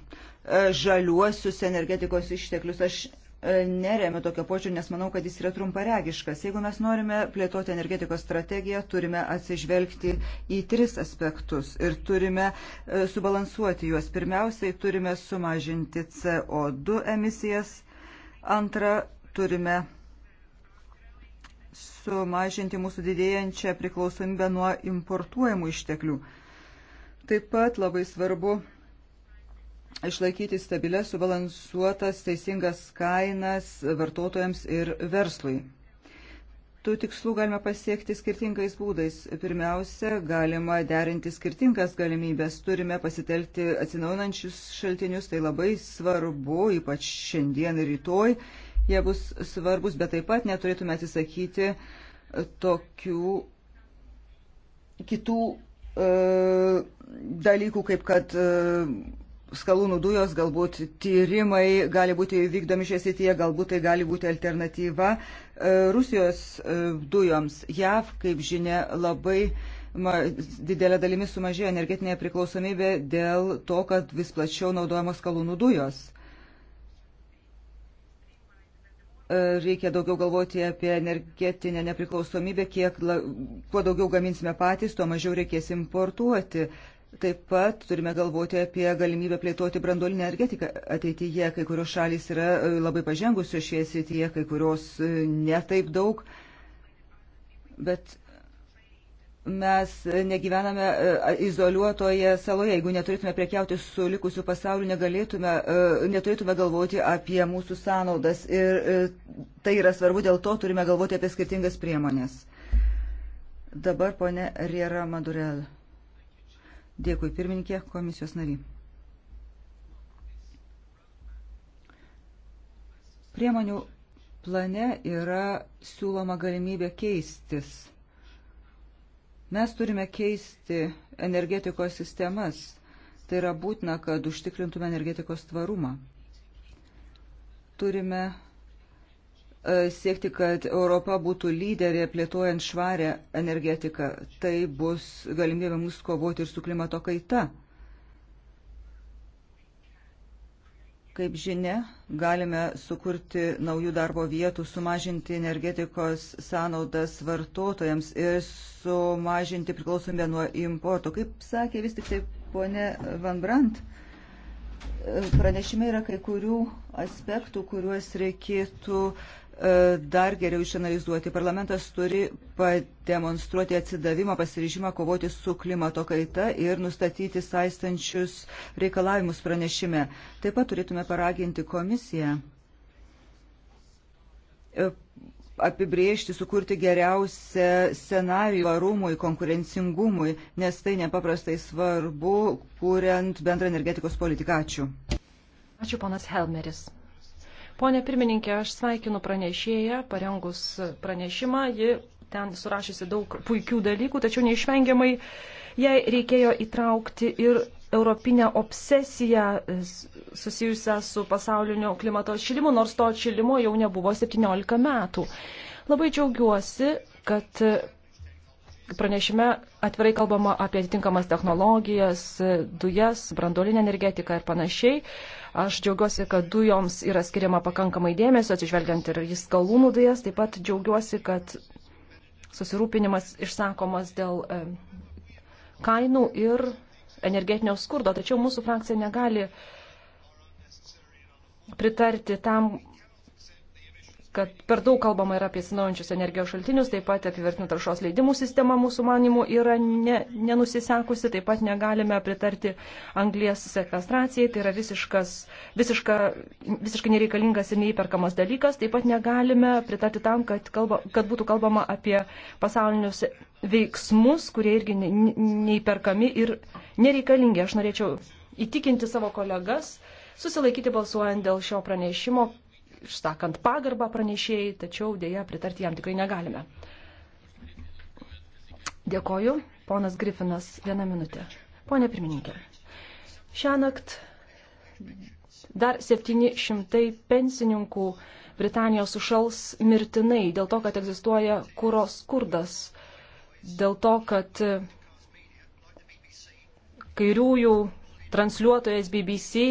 žaliuosius energetikos išteklius. Aš e, neremiu tokio požiūrio, nes manau, kad jis yra trumparegiškas. Jeigu mes norime plėtoti energetikos strategiją, turime atsižvelgti į tris aspektus ir turime subalansuoti juos. Pirmiausiai turime sumažinti CO2 emisijas, antra turime sumažinti mūsų didėjančią priklausomybę nuo importuojamų išteklių. Taip pat labai svarbu išlaikyti stabilės, subalansuotas, teisingas kainas vartotojams ir verslui. Tų tikslų galima pasiekti skirtingais būdais. Pirmiausia, galima derinti skirtingas galimybės. Turime pasitelkti atsinaunančius šaltinius, tai labai svarbu, ypač šiandien ir rytoj jie bus svarbus, bet taip pat neturėtume atsisakyti e, tokių kitų e, dalykų, kaip kad e, skalūnų dujos, galbūt tyrimai gali būti vykdomi šioje srityje, galbūt tai gali būti alternatyva e, Rusijos e, dujoms. JAV, kaip žinia, labai ma, didelė dalimi sumažėjo energetinė priklausomybė dėl to, kad vis plačiau naudojamos skalūnų dujos. E, reikia daugiau galvoti apie energetinę nepriklausomybę, kiek, kuo daugiau gaminsime patys, tuo mažiau reikės importuoti. Taip pat turime galvoti apie galimybę plėtoti brandolinę energetiką ateityje. Kai kurios šalys yra e, labai pažengusios šioje srityje, kai kurios e, netaip daug. Bet mes negyvename e, izoliuotoje saloje. Jeigu neturėtume prekiauti su likusiu pasauliu, negalėtume, e, neturėtume galvoti apie mūsų sąnaudas. Ir e, tai yra svarbu, dėl to turime galvoti apie skirtingas priemonės. Dabar ponė Riera Madurel. Dėkui, pirmininkė, komisijos nariai. Priemonių plane yra siūloma galimybė keistis Mes turime keisti energetikos sistemas. Tai yra būtina, kad užtikrintume energetikos tvarumą. Turime e, siekti, kad Europa būtų lyderė plėtojant švarę energetiką. Tai bus galimybė mums kovoti ir su klimato kaita. Kaip žinia, galime sukurti naujų darbo vietų, sumažinti energetikos sąnaudas vartotojams ir sumažinti priklausomybę nuo importo. Kaip sakė vis tik tai ponė Van Brandt, e, pranešime yra kai kurių aspektų, kuriuos reikėtų uh, E, dar geriau išanalizuoti. Parlamentas turi pademonstruoti atsidavimą, pasiryžimą kovoti su klimato kaita ir nustatyti saistančius reikalavimus pranešime. Taip pat turėtume paraginti komisiją e, apibriežti, sukurti geriausią scenarijų varumui, konkurencingumui, nes tai nepaprastai svarbu, kuriant bendrą energetikos politiką. Ačiū. Ačiū, ponas Helmeris. Pone pirmininkė, aš sveikinu pranešėją, parengus pranešimą, ji ten surašysi daug puikių dalykų, tačiau neišvengiamai jai reikėjo įtraukti ir europinę obsesiją susijusią su pasaulinio klimato atšilimu, nors to atšilimo jau nebuvo 17 metų. Labai džiaugiuosi, kad pranešime atvirai kalbama apie atitinkamas technologijas, dujas, brandolinę energetiką ir panašiai. Aš džiaugiuosi, kad dujoms yra skiriama pakankamai dėmesio, atsižvelgiant ir į skalūnų dujas. Taip pat džiaugiuosi, kad susirūpinimas išsakomas dėl e, kainų ir energetinio skurdo. Tačiau mūsų frakcija negali pritarti tam kad per daug kalbama yra apie atsinaujančius energijos šaltinius, taip pat apivertinių taršos leidimų sistema mūsų manimų yra ne, nenusisekusi, taip pat negalime pritarti anglės sekvestracijai, tai yra visiškas, visiška, visiškai nereikalingas ir neįperkamas dalykas, taip pat negalime pritarti tam, kad, kalba, kad būtų kalbama apie pasaulinius veiksmus, kurie irgi ne, neįperkami ir nereikalingi. Aš norėčiau įtikinti savo kolegas, susilaikyti balsuojant dėl šio pranešimo išsakant pagarbą pranešėjai, tačiau dėja pritarti jam tikrai negalime. Dėkoju, ponas Grifinas, vieną minutę. Pone pirmininkė, šią nakt dar 700 pensininkų Britanijos sušals mirtinai dėl to, kad egzistuoja kūro skurdas, dėl to, kad kairiųjų transliuotojas BBC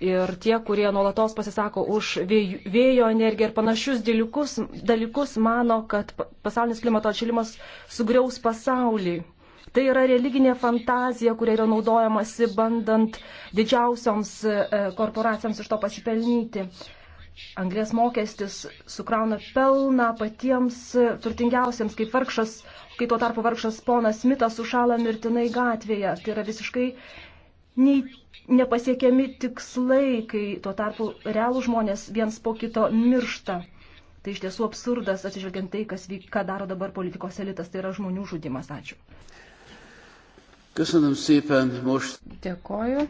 ir tie, kurie nuolatos pasisako už vėjo energiją ir panašius dalykus, dalykus mano, kad pasaulinis klimato atšilimas sugriaus pasaulį. Tai yra religinė fantazija, kuria yra naudojamasi bandant didžiausioms e, korporacijoms iš to pasipelnyti. Anglės mokestis sukrauna pelną patiems turtingiausiems, kaip vargšas, kai tuo tarpu vargšas ponas Smithas sušala mirtinai gatvėje. Tai yra visiškai nei nepasiekiami tikslai, kai tuo tarpu realų žmonės viens po kito miršta. Tai iš tiesų absurdas, atsižvelgiant tai, kas vyk, ką daro dabar politikos elitas, tai yra žmonių žudimas. Ačiū. Köszönöm szépen most. Dėkoju.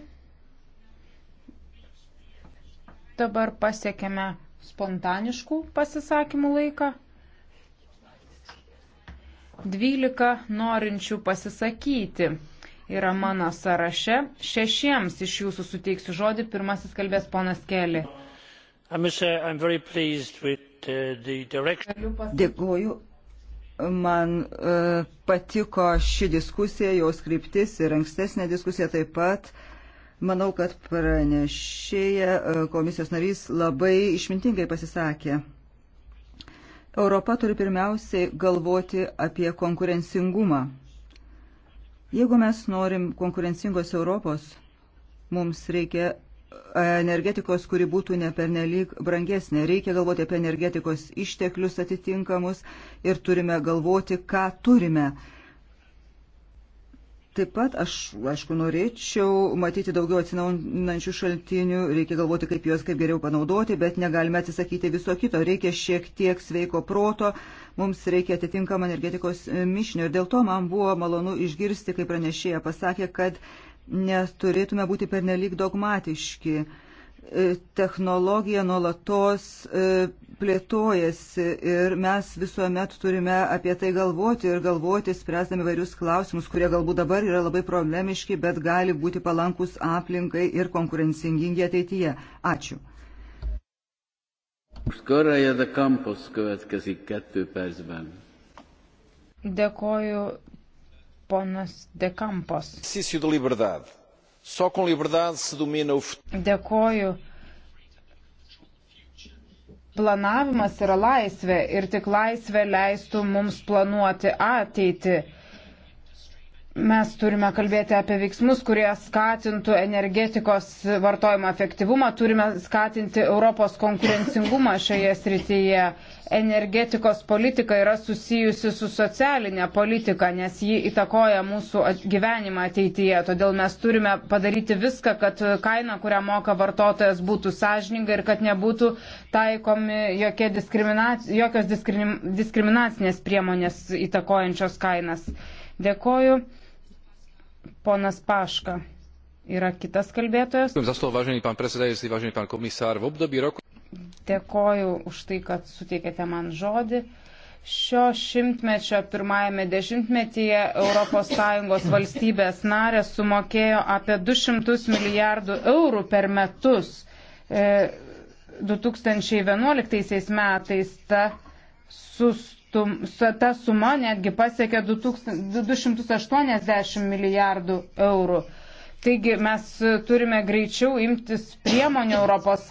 Dabar pasiekėme spontaniškų pasisakymų laiką. 12 norinčių pasisakyti yra mano sąraše. Šešiems iš jūsų suteiksiu žodį. Pirmasis kalbės ponas Keli. Uh, uh, Dėkuoju. Man uh, patiko ši diskusija, jos kryptis ir ankstesnė diskusija taip pat. Manau, kad pranešėja uh, komisijos narys labai išmintingai pasisakė. Europa turi pirmiausiai galvoti apie konkurencingumą. Jeigu mes norim konkurencingos Europos, mums reikia e, energetikos, kuri būtų nepernelyg brangesnė. Reikia galvoti apie energetikos išteklius atitinkamus ir turime galvoti, ką turime. Taip pat aš, aišku, norėčiau matyti daugiau atsinaujinančių šaltinių, reikia galvoti, kaip juos kaip geriau panaudoti, bet negalime atsisakyti viso kito, reikia šiek tiek sveiko proto, mums reikia atitinkamą energetikos mišinio. Ir dėl to man buvo malonu išgirsti, kaip pranešėja pasakė, kad neturėtume būti pernelyg dogmatiški. Uh, E, technologija nuolatos e, plėtojasi ir mes visuomet turime apie tai galvoti ir galvoti, spręsdami vairius klausimus, kurie galbūt dabar yra labai problemiški, bet gali būti palankus aplinkai ir konkurencingi ateityje. Ačiū. Dėkoju, ponas Dekampos. Dėkoju. Planavimas yra laisvė ir tik laisvė leistų mums planuoti ateitį. Mes turime kalbėti apie veiksmus, kurie skatintų energetikos vartojimo efektyvumą, turime skatinti Europos konkurencingumą šioje srityje. Energetikos politika yra susijusi su socialinė politika, nes ji įtakoja mūsų gyvenimą ateityje. Todėl mes turime padaryti viską, kad kaina, kurią moka vartotojas, būtų sąžininga ir kad nebūtų taikomi diskriminac... jokios diskrim... diskriminacinės priemonės įtakojančios kainas. Dėkoju. Ponas Paška yra kitas kalbėtojas. Jums zaslo, važinį pan prezidėjus, važinį pan komisar, v obdobį roku. Dėkoju už tai, kad suteikėte man žodį. Šio šimtmečio pirmajame dešimtmetyje ES valstybės narės sumokėjo apie 200 milijardų eurų per metus. 2011 e, metais ta sus ta suma netgi pasiekė 280 milijardų eurų. Taigi mes turime greičiau imtis priemonių ES.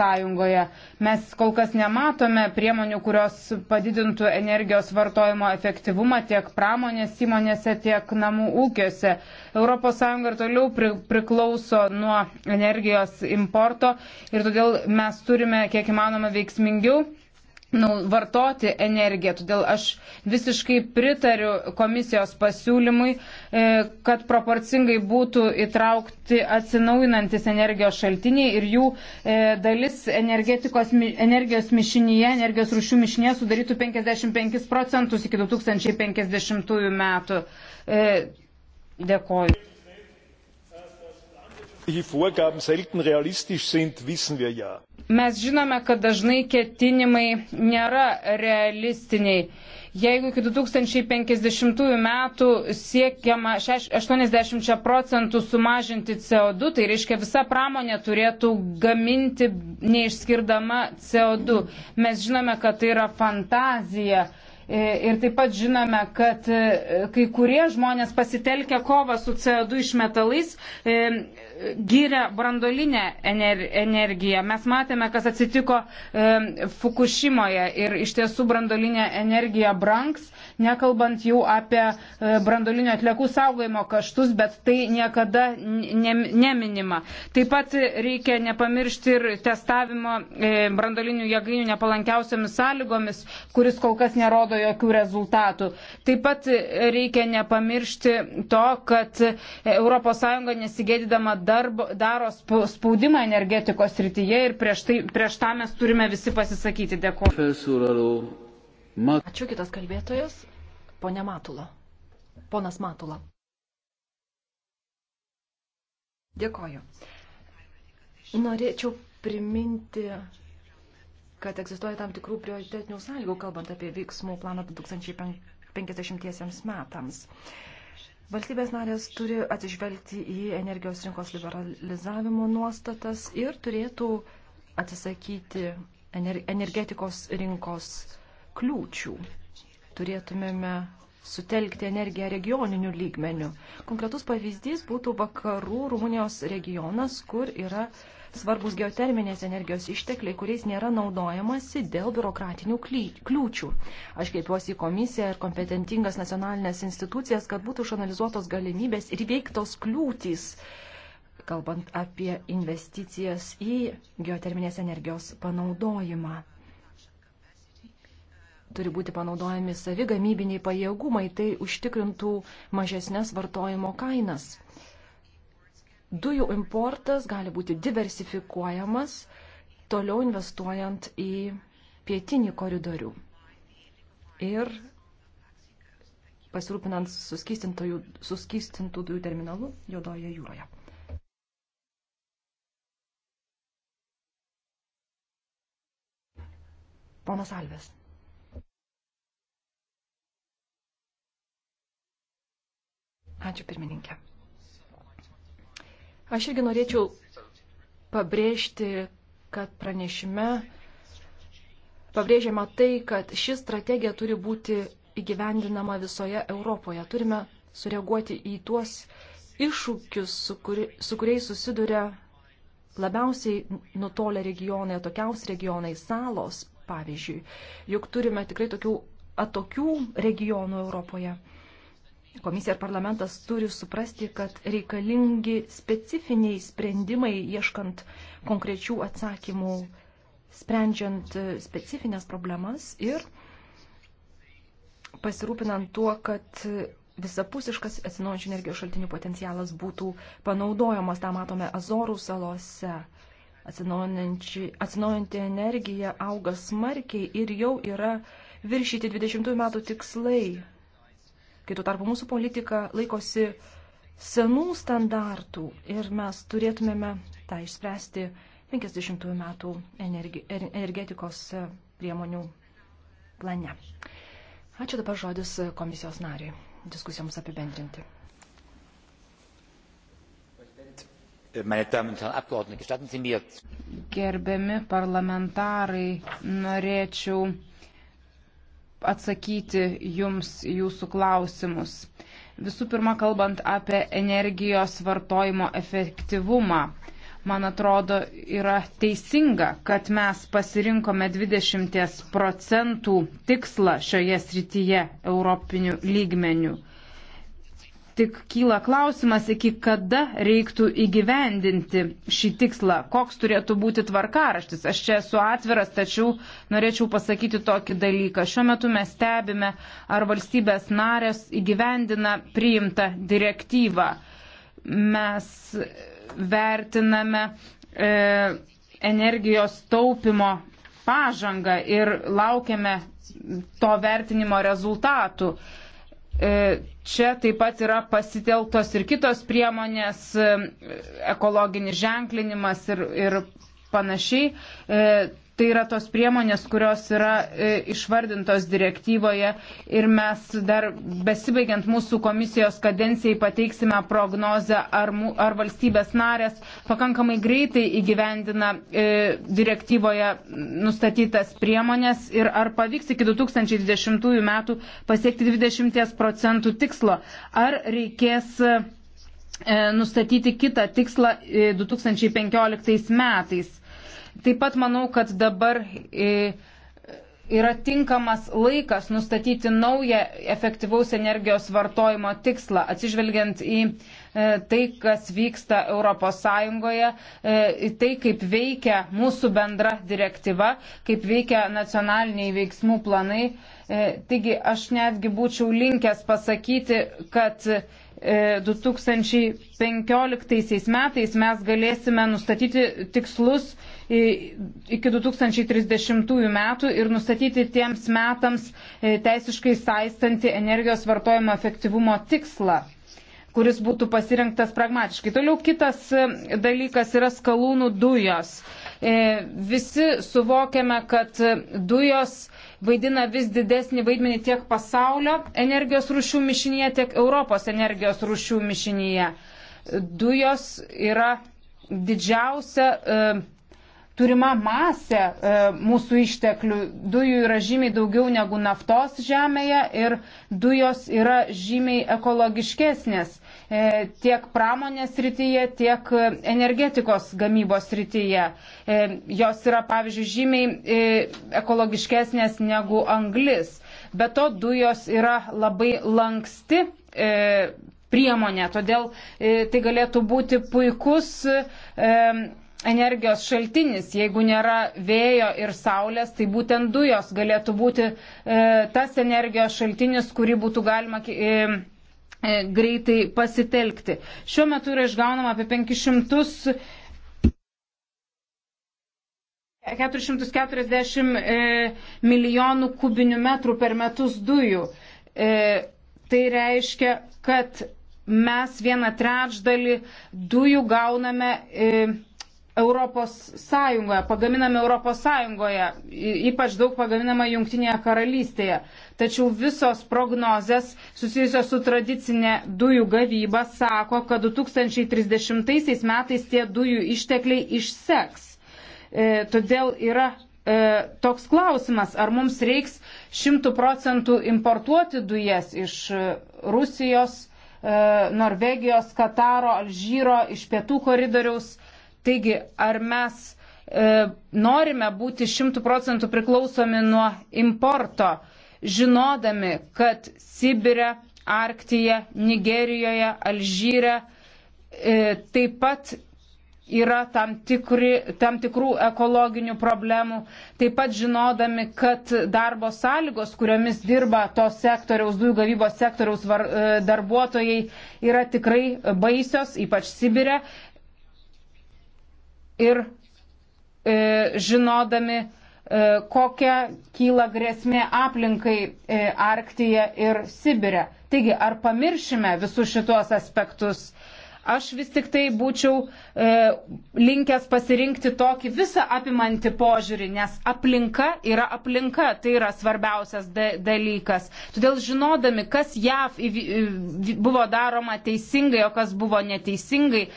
Mes kol kas nematome priemonių, kurios padidintų energijos vartojimo efektyvumą tiek pramonės įmonėse, tiek namų ūkiuose. ES ir toliau pri, priklauso nuo energijos importo ir todėl mes turime kiek įmanoma veiksmingiau nu, vartoti energiją. Todėl aš visiškai pritariu komisijos pasiūlymui, e, kad proporcingai būtų įtraukti atsinaujinantis energijos šaltiniai ir jų e, dalis energijos mišinyje, energijos rūšių mišinėje sudarytų 55 procentus iki 2050 metų. E, dėkoju gesetzliche Vorgaben selten realistisch sind, wissen wir ja. Mes žinome, kad dažnai ketinimai nėra realistiniai. Jeigu iki 2050 metų siekiama 80 procentų sumažinti CO2, tai reiškia visa pramonė turėtų gaminti neišskirdama CO2. Mes žinome, kad tai yra fantazija. E, ir taip pat žinome, kad e, kai kurie žmonės pasitelkia kovą su CO2 išmetalais, e, gyrė brandolinę energiją. Mes matėme, kas atsitiko Fukushimoje ir iš tiesų brandolinė energija brangs, nekalbant jau apie brandolinio atliekų saugojimo kaštus, bet tai niekada neminima. Taip pat reikia nepamiršti ir testavimo brandolinių jėgainių nepalankiausiamis sąlygomis, kuris kol kas nerodo nerodo jokių rezultatų. Taip pat reikia nepamiršti to, kad ES nesigėdydama darbo, daro spaudimą energetikos rytyje ir prieš, tai, prieš tą mes turime visi pasisakyti. Dėkuoju. Ačiū kitas kalbėtojas, ponė Matula. Ponas Matula. Dėkoju. Norėčiau priminti kad egzistuoja tam tikrų prioritetinių sąlygų, kalbant apie veiksmų planą 2050 metams. Valstybės narės turi atsižvelgti į energijos rinkos liberalizavimo nuostatas ir turėtų atsisakyti energetikos rinkos kliūčių. Turėtumėme sutelkti energiją regioniniu lygmeniu. Konkretus pavyzdys būtų vakarų Rumunijos regionas, kur yra uh, svarbus geoterminės energijos ištekliai, kuriais nėra naudojamasi dėl biurokratinių kliūčių. Aš kreipiuosi į komisiją ir kompetentingas nacionalinės institucijas, kad būtų išanalizuotos galimybės ir veiktos kliūtys, kalbant apie investicijas į geoterminės energijos panaudojimą. Turi būti panaudojami savigamybiniai pajėgumai, tai užtikrintų mažesnės vartojimo kainas dujų importas gali būti diversifikuojamas, toliau investuojant į pietinį koridorių ir pasirūpinant suskystintų dujų terminalų Jodoje jūroje. Ponas Alves. Ačiū pirmininkė. Aš irgi norėčiau pabrėžti, kad pranešime pabrėžiama tai, kad ši strategija turi būti įgyvendinama visoje Europoje. Turime sureaguoti į tuos iššūkius, su, kuri, su kuriais susiduria labiausiai nutolę regionai, tokiausi regionai, salos, pavyzdžiui. Juk turime tikrai tokių atokių regionų Europoje. Komisija ir parlamentas turi suprasti, kad reikalingi specifiniai sprendimai, ieškant konkrečių atsakymų, sprendžiant specifines problemas ir pasirūpinant tuo, kad visapusiškas atsinaujančių energijos šaltinių potencialas būtų panaudojamas, tą matome Azorų salose. Atsinaujanti energija auga smarkiai ir jau yra viršyti 20 metų tikslai kai tuo tarpu mūsų politika laikosi senų standartų ir mes turėtumėme tą išspręsti 50 metų energi, er-, energetikos priemonių plane. Ačiū dabar žodis komisijos nariui diskusijoms apibendrinti. Gerbiami parlamentarai, norėčiau atsakyti jums jūsų klausimus. Visų pirma, kalbant apie energijos vartojimo efektyvumą man atrodo, yra teisinga, kad mes pasirinkome 20 procentų tikslą šioje srityje europinių lygmenių tik kyla klausimas, iki kada reiktų įgyvendinti šį tikslą, koks turėtų būti tvarkaraštis. Aš čia esu atviras, tačiau norėčiau pasakyti tokį dalyką. Šiuo metu mes stebime, ar valstybės narės įgyvendina priimtą direktyvą. Mes vertiname e, energijos taupimo pažangą ir laukiame to vertinimo rezultatų. E, E, čia taip pat yra pasitelktos ir kitos priemonės, e, ekologinis ženklinimas ir, ir panašiai. E, Tai yra tos priemonės, kurios yra e, išvardintos direktyvoje ir mes dar besibaigiant mūsų komisijos kadencijai pateiksime prognozę, ar, mū, ar valstybės narės pakankamai greitai įgyvendina e, direktyvoje nustatytas priemonės ir ar pavyks iki 2020 metų pasiekti 20 procentų tikslo, ar reikės e, nustatyti kitą tikslą 2015 e, metais. Taip pat manau, kad dabar e, yra tinkamas laikas nustatyti naują efektyvaus energijos vartojimo tikslą, atsižvelgiant į e, tai, kas vyksta Europos Sąjungoje, e, į tai, kaip veikia mūsų bendra direktyva, kaip veikia nacionaliniai veiksmų planai. Taigi aš netgi būčiau linkęs pasakyti, kad 2015 metais mes galėsime nustatyti tikslus iki 2030 metų ir nustatyti tiems metams e, teisiškai saistantį energijos vartojimo efektyvumo tikslą kuris būtų pasirinktas pragmatiškai. Toliau kitas e, dalykas yra skalūnų dujos. E, visi suvokiame, kad dujos vaidina vis didesnį vaidmenį tiek pasaulio energijos rūšių mišinyje, tiek Europos energijos rūšių mišinyje. Dujos yra didžiausia turima masė e, mūsų išteklių. Dujų yra žymiai daugiau negu naftos žemėje ir dujos yra žymiai ekologiškesnės e, tiek pramonės rytyje, tiek energetikos gamybos rytyje. E, jos yra, pavyzdžiui, žymiai e, ekologiškesnės negu anglis. Be to, dujos yra labai lanksti. E, Priemonė, todėl e, tai galėtų būti puikus e, energijos šaltinis. Jeigu nėra vėjo ir saulės, tai būtent dujos galėtų būti e, tas energijos šaltinis, kurį būtų galima e, e, greitai pasitelkti. Šiuo metu yra išgaunama apie 500. 440 e, milijonų kubinių metrų per metus dujų. E, tai reiškia, kad mes vieną trečdalį dujų gauname e, Europos Sąjungoje, pagaminame Europos Sąjungoje, ypač daug pagaminama Junktinėje karalystėje. Tačiau visos prognozės susijusios su tradicinė dujų gavyba sako, kad 2030 metais tie dujų ištekliai išseks. E, todėl yra e, toks klausimas, ar mums reiks 100 procentų importuoti dujas iš e, Rusijos, e, Norvegijos, Kataro, Alžyro, iš pietų koridoriaus. E, Taigi, ar mes e, norime būti šimtų procentų priklausomi nuo importo, žinodami, kad Sibire, Arktyje, Nigerijoje, Alžyre e, taip pat yra tam, tikri, tam tikrų ekologinių problemų, taip pat žinodami, kad darbo sąlygos, kuriomis dirba to sektoriaus, dujų gavybos sektoriaus var, e, darbuotojai, yra tikrai baisios, ypač Sibire ir e, žinodami, e, kokia kyla grėsmė aplinkai e, Arktyje ir Sibire. Taigi, ar pamiršime visus šitos aspektus? Aš vis tik tai būčiau e, linkęs pasirinkti tokį visą apimantį požiūrį, nes aplinka yra aplinka, tai yra svarbiausias da dalykas. Todėl žinodami, kas JAV e, buvo daroma teisingai, o kas buvo neteisingai,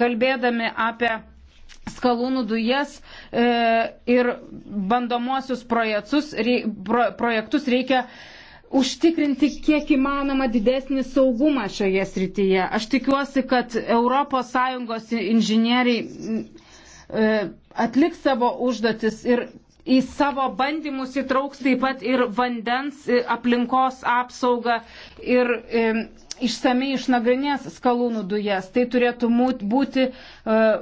kalbėdami apie skalūnų dujas e, ir bandomuosius projektus, re, pro, projektus reikia užtikrinti kiek įmanoma didesnį saugumą šioje srityje. Aš tikiuosi, kad ES inžinieriai e, atliks savo užduotis ir į savo bandymus įtrauks taip pat ir vandens e, aplinkos apsaugą ir e, išsamei išnagrinės skalūnų dujas. Tai turėtų būti e,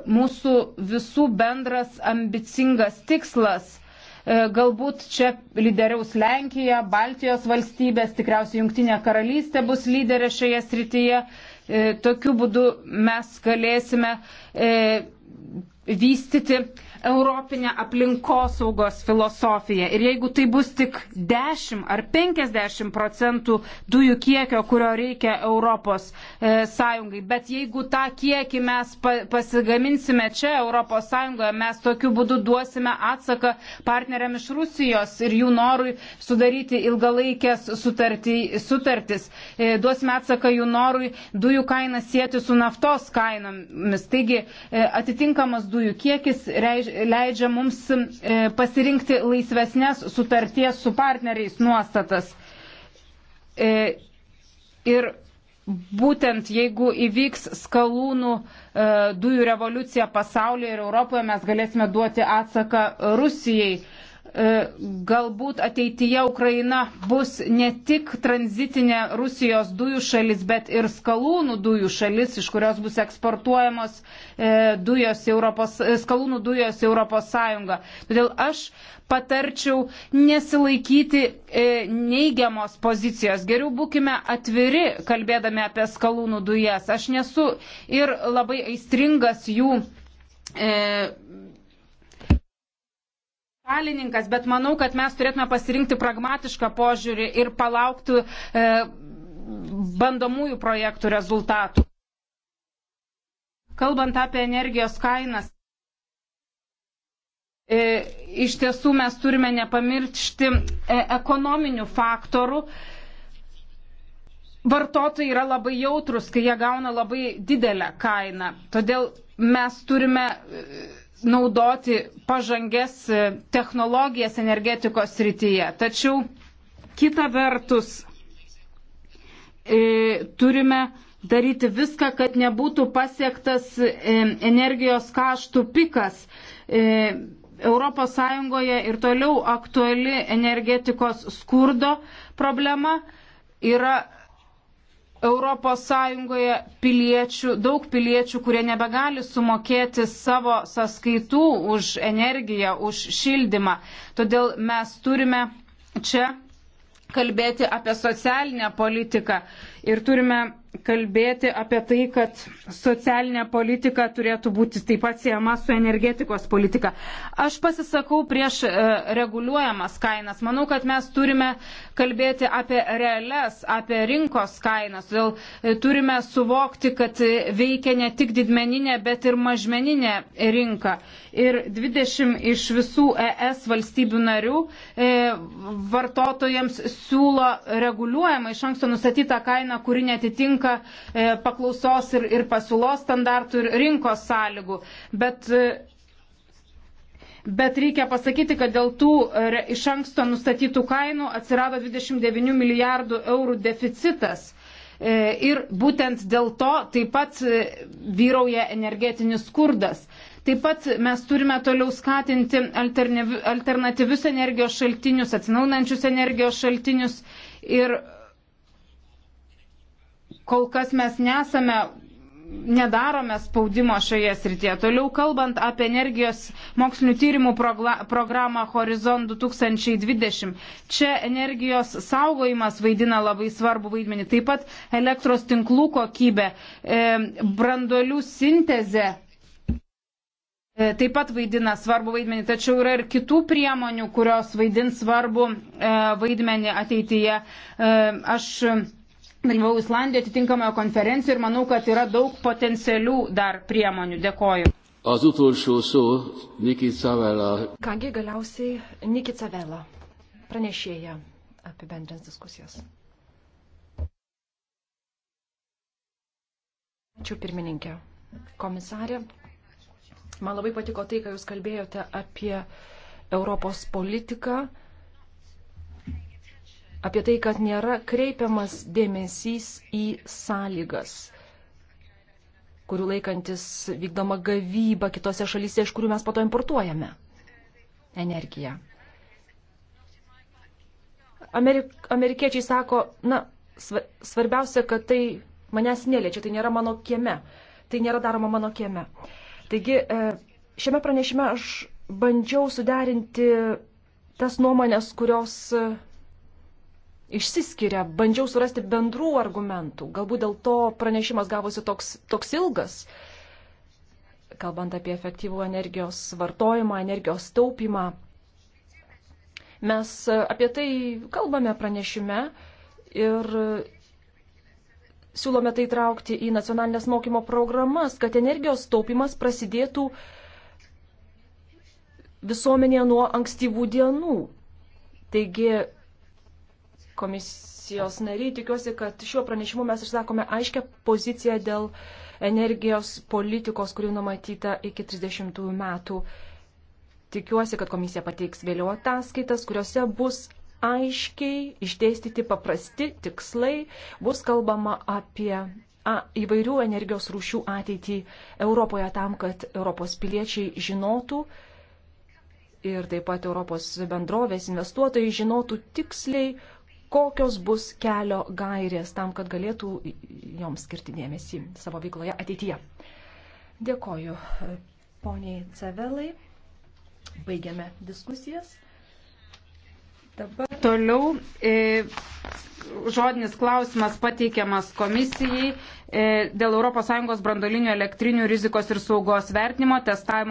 mūsų visų bendras ambicingas tikslas. E, galbūt čia lyderiaus Lenkija, Baltijos valstybės, tikriausiai Junktinė karalystė bus lyderė šioje srityje. E, tokiu būdu mes galėsime vystyti europinę aplinkosaugos filosofiją. Ir jeigu tai bus tik 10 ar 50 procentų dujų kiekio, kurio reikia Europos e, Sąjungai, bet jeigu tą kiekį mes pa, pasigaminsime čia Europos Sąjungoje, mes tokiu būdu duosime atsaką partneriam iš Rusijos ir jų norui sudaryti ilgalaikės sutartį, sutartis. E, duosime atsaką jų norui dujų kainą sieti su naftos kainomis. Taigi e, atitinkamas dujų kiekis reiš, leidžia mums e, pasirinkti laisvesnės sutarties su partneriais nuostatas. E, ir būtent jeigu įvyks skalūnų e, dujų revoliucija pasaulyje ir Europoje, mes galėsime duoti atsaką Rusijai. E, galbūt ateityje Ukraina bus ne tik tranzitinė Rusijos dujų šalis, bet ir skalūnų dujų šalis, iš kurios bus eksportuojamos e, dujos Europos, e, skalūnų dujos Europos Sąjunga. Todėl aš patarčiau nesilaikyti neigiamos pozicijos. Geriau būkime atviri, kalbėdami apie skalūnų dujas. Aš nesu ir labai aistringas jų šalininkas, bet manau, kad mes turėtume pasirinkti pragmatišką požiūrį ir palaukti e, bandomųjų projektų rezultatų. Kalbant apie energijos kainas, e, iš tiesų mes turime nepamiršti e, ekonominių faktorų. Vartotojai yra labai jautrus, kai jie gauna labai didelę kainą. Todėl mes turime. E, naudoti pažangės technologijas energetikos srityje. Tačiau kita vertus e, turime daryti viską, kad nebūtų pasiektas e, energijos kaštų pikas. E, Europos Sąjungoje ir toliau aktuali energetikos skurdo problema yra Europos Sąjungoje piliečių, daug piliečių, kurie nebegali sumokėti savo sąskaitų už energiją, už šildymą. Todėl mes turime čia kalbėti apie socialinę politiką ir turime kalbėti apie tai, kad socialinė politika turėtų būti taip pat siejama su energetikos politika. Aš pasisakau prieš e, reguliuojamas kainas. Manau, kad mes turime kalbėti apie realias, apie rinkos kainas. Todėl e, turime suvokti, kad veikia ne tik didmeninė, bet ir mažmeninė rinka. Ir 20 iš visų ES valstybių narių e, vartotojams siūlo reguliuojamą iš anksto nustatytą kainą, kuri netitinka atitinka e, paklausos ir, ir pasiūlos standartų ir rinkos sąlygų. Bet e, Bet reikia pasakyti, kad dėl tų iš anksto nustatytų kainų atsirado 29 milijardų eurų deficitas. E, ir būtent dėl to taip pat vyrauja energetinis skurdas. Taip pat mes turime toliau skatinti alternatyvius energijos šaltinius, atsinaunančius energijos šaltinius ir kol kas mes nesame nedarome spaudimo šioje srityje. Toliau kalbant apie energijos mokslinių tyrimų programą Horizon 2020, čia energijos saugojimas vaidina labai svarbu vaidmenį. Taip pat elektros tinklų kokybė, e, brandolių sintezė. E, taip pat vaidina svarbu vaidmenį, tačiau yra ir kitų priemonių, kurios vaidins svarbu e, vaidmenį ateityje. Aš dalyvau Islandijoje atitinkamoje konferencijoje ir manau, kad yra daug potencialių dar priemonių. Dėkoju. Az utolsó szó Niki Cavella. Kągi galiausiai Niki Cavella, pranešėja apibendrins diskusijas. Ačiū pirmininkė. Komisarė, man labai patiko tai, ką Jūs kalbėjote apie Europos politiką apie tai, kad nėra kreipiamas dėmesys į sąlygas, kurių laikantis vykdoma gavyba kitose šalyse, iš kurių mes pato importuojame energiją. Amerik amerikiečiai sako, na, svarbiausia, kad tai manęs neliečia, tai nėra mano kieme, tai nėra daroma mano kieme. Taigi, e, šiame pranešime aš bandžiau suderinti tas nuomonės, kurios išsiskiria. Bandžiau surasti bendrų argumentų. Galbūt dėl to pranešimas gavosi toks, toks ilgas, kalbant apie efektyvų energijos vartojimą, energijos taupimą. Mes apie tai kalbame pranešime ir siūlome tai traukti į nacionalinės mokymo programas, kad energijos taupimas prasidėtų visuomenėje nuo ankstyvų dienų. Taigi komisijos nariai. Tikiuosi, kad šiuo pranešimu mes išsakome aiškę poziciją dėl energijos politikos, kuri numatyta iki 30 metų. Tikiuosi, kad komisija pateiks vėliau ataskaitas, kuriuose bus aiškiai išdėstyti paprasti tikslai, bus kalbama apie a, įvairių energijos rūšių ateitį Europoje tam, kad Europos piliečiai žinotų ir taip pat Europos bendrovės investuotojai žinotų tiksliai, kokios bus kelio gairės tam, kad galėtų joms skirti dėmesį savo veikloje ateityje. Dėkoju poniai Cevelai. Baigiame diskusijas. Dabar toliau e, žodinis klausimas pateikiamas komisijai e, dėl ES brandolinio elektrinių rizikos ir saugos vertinimo testavimo.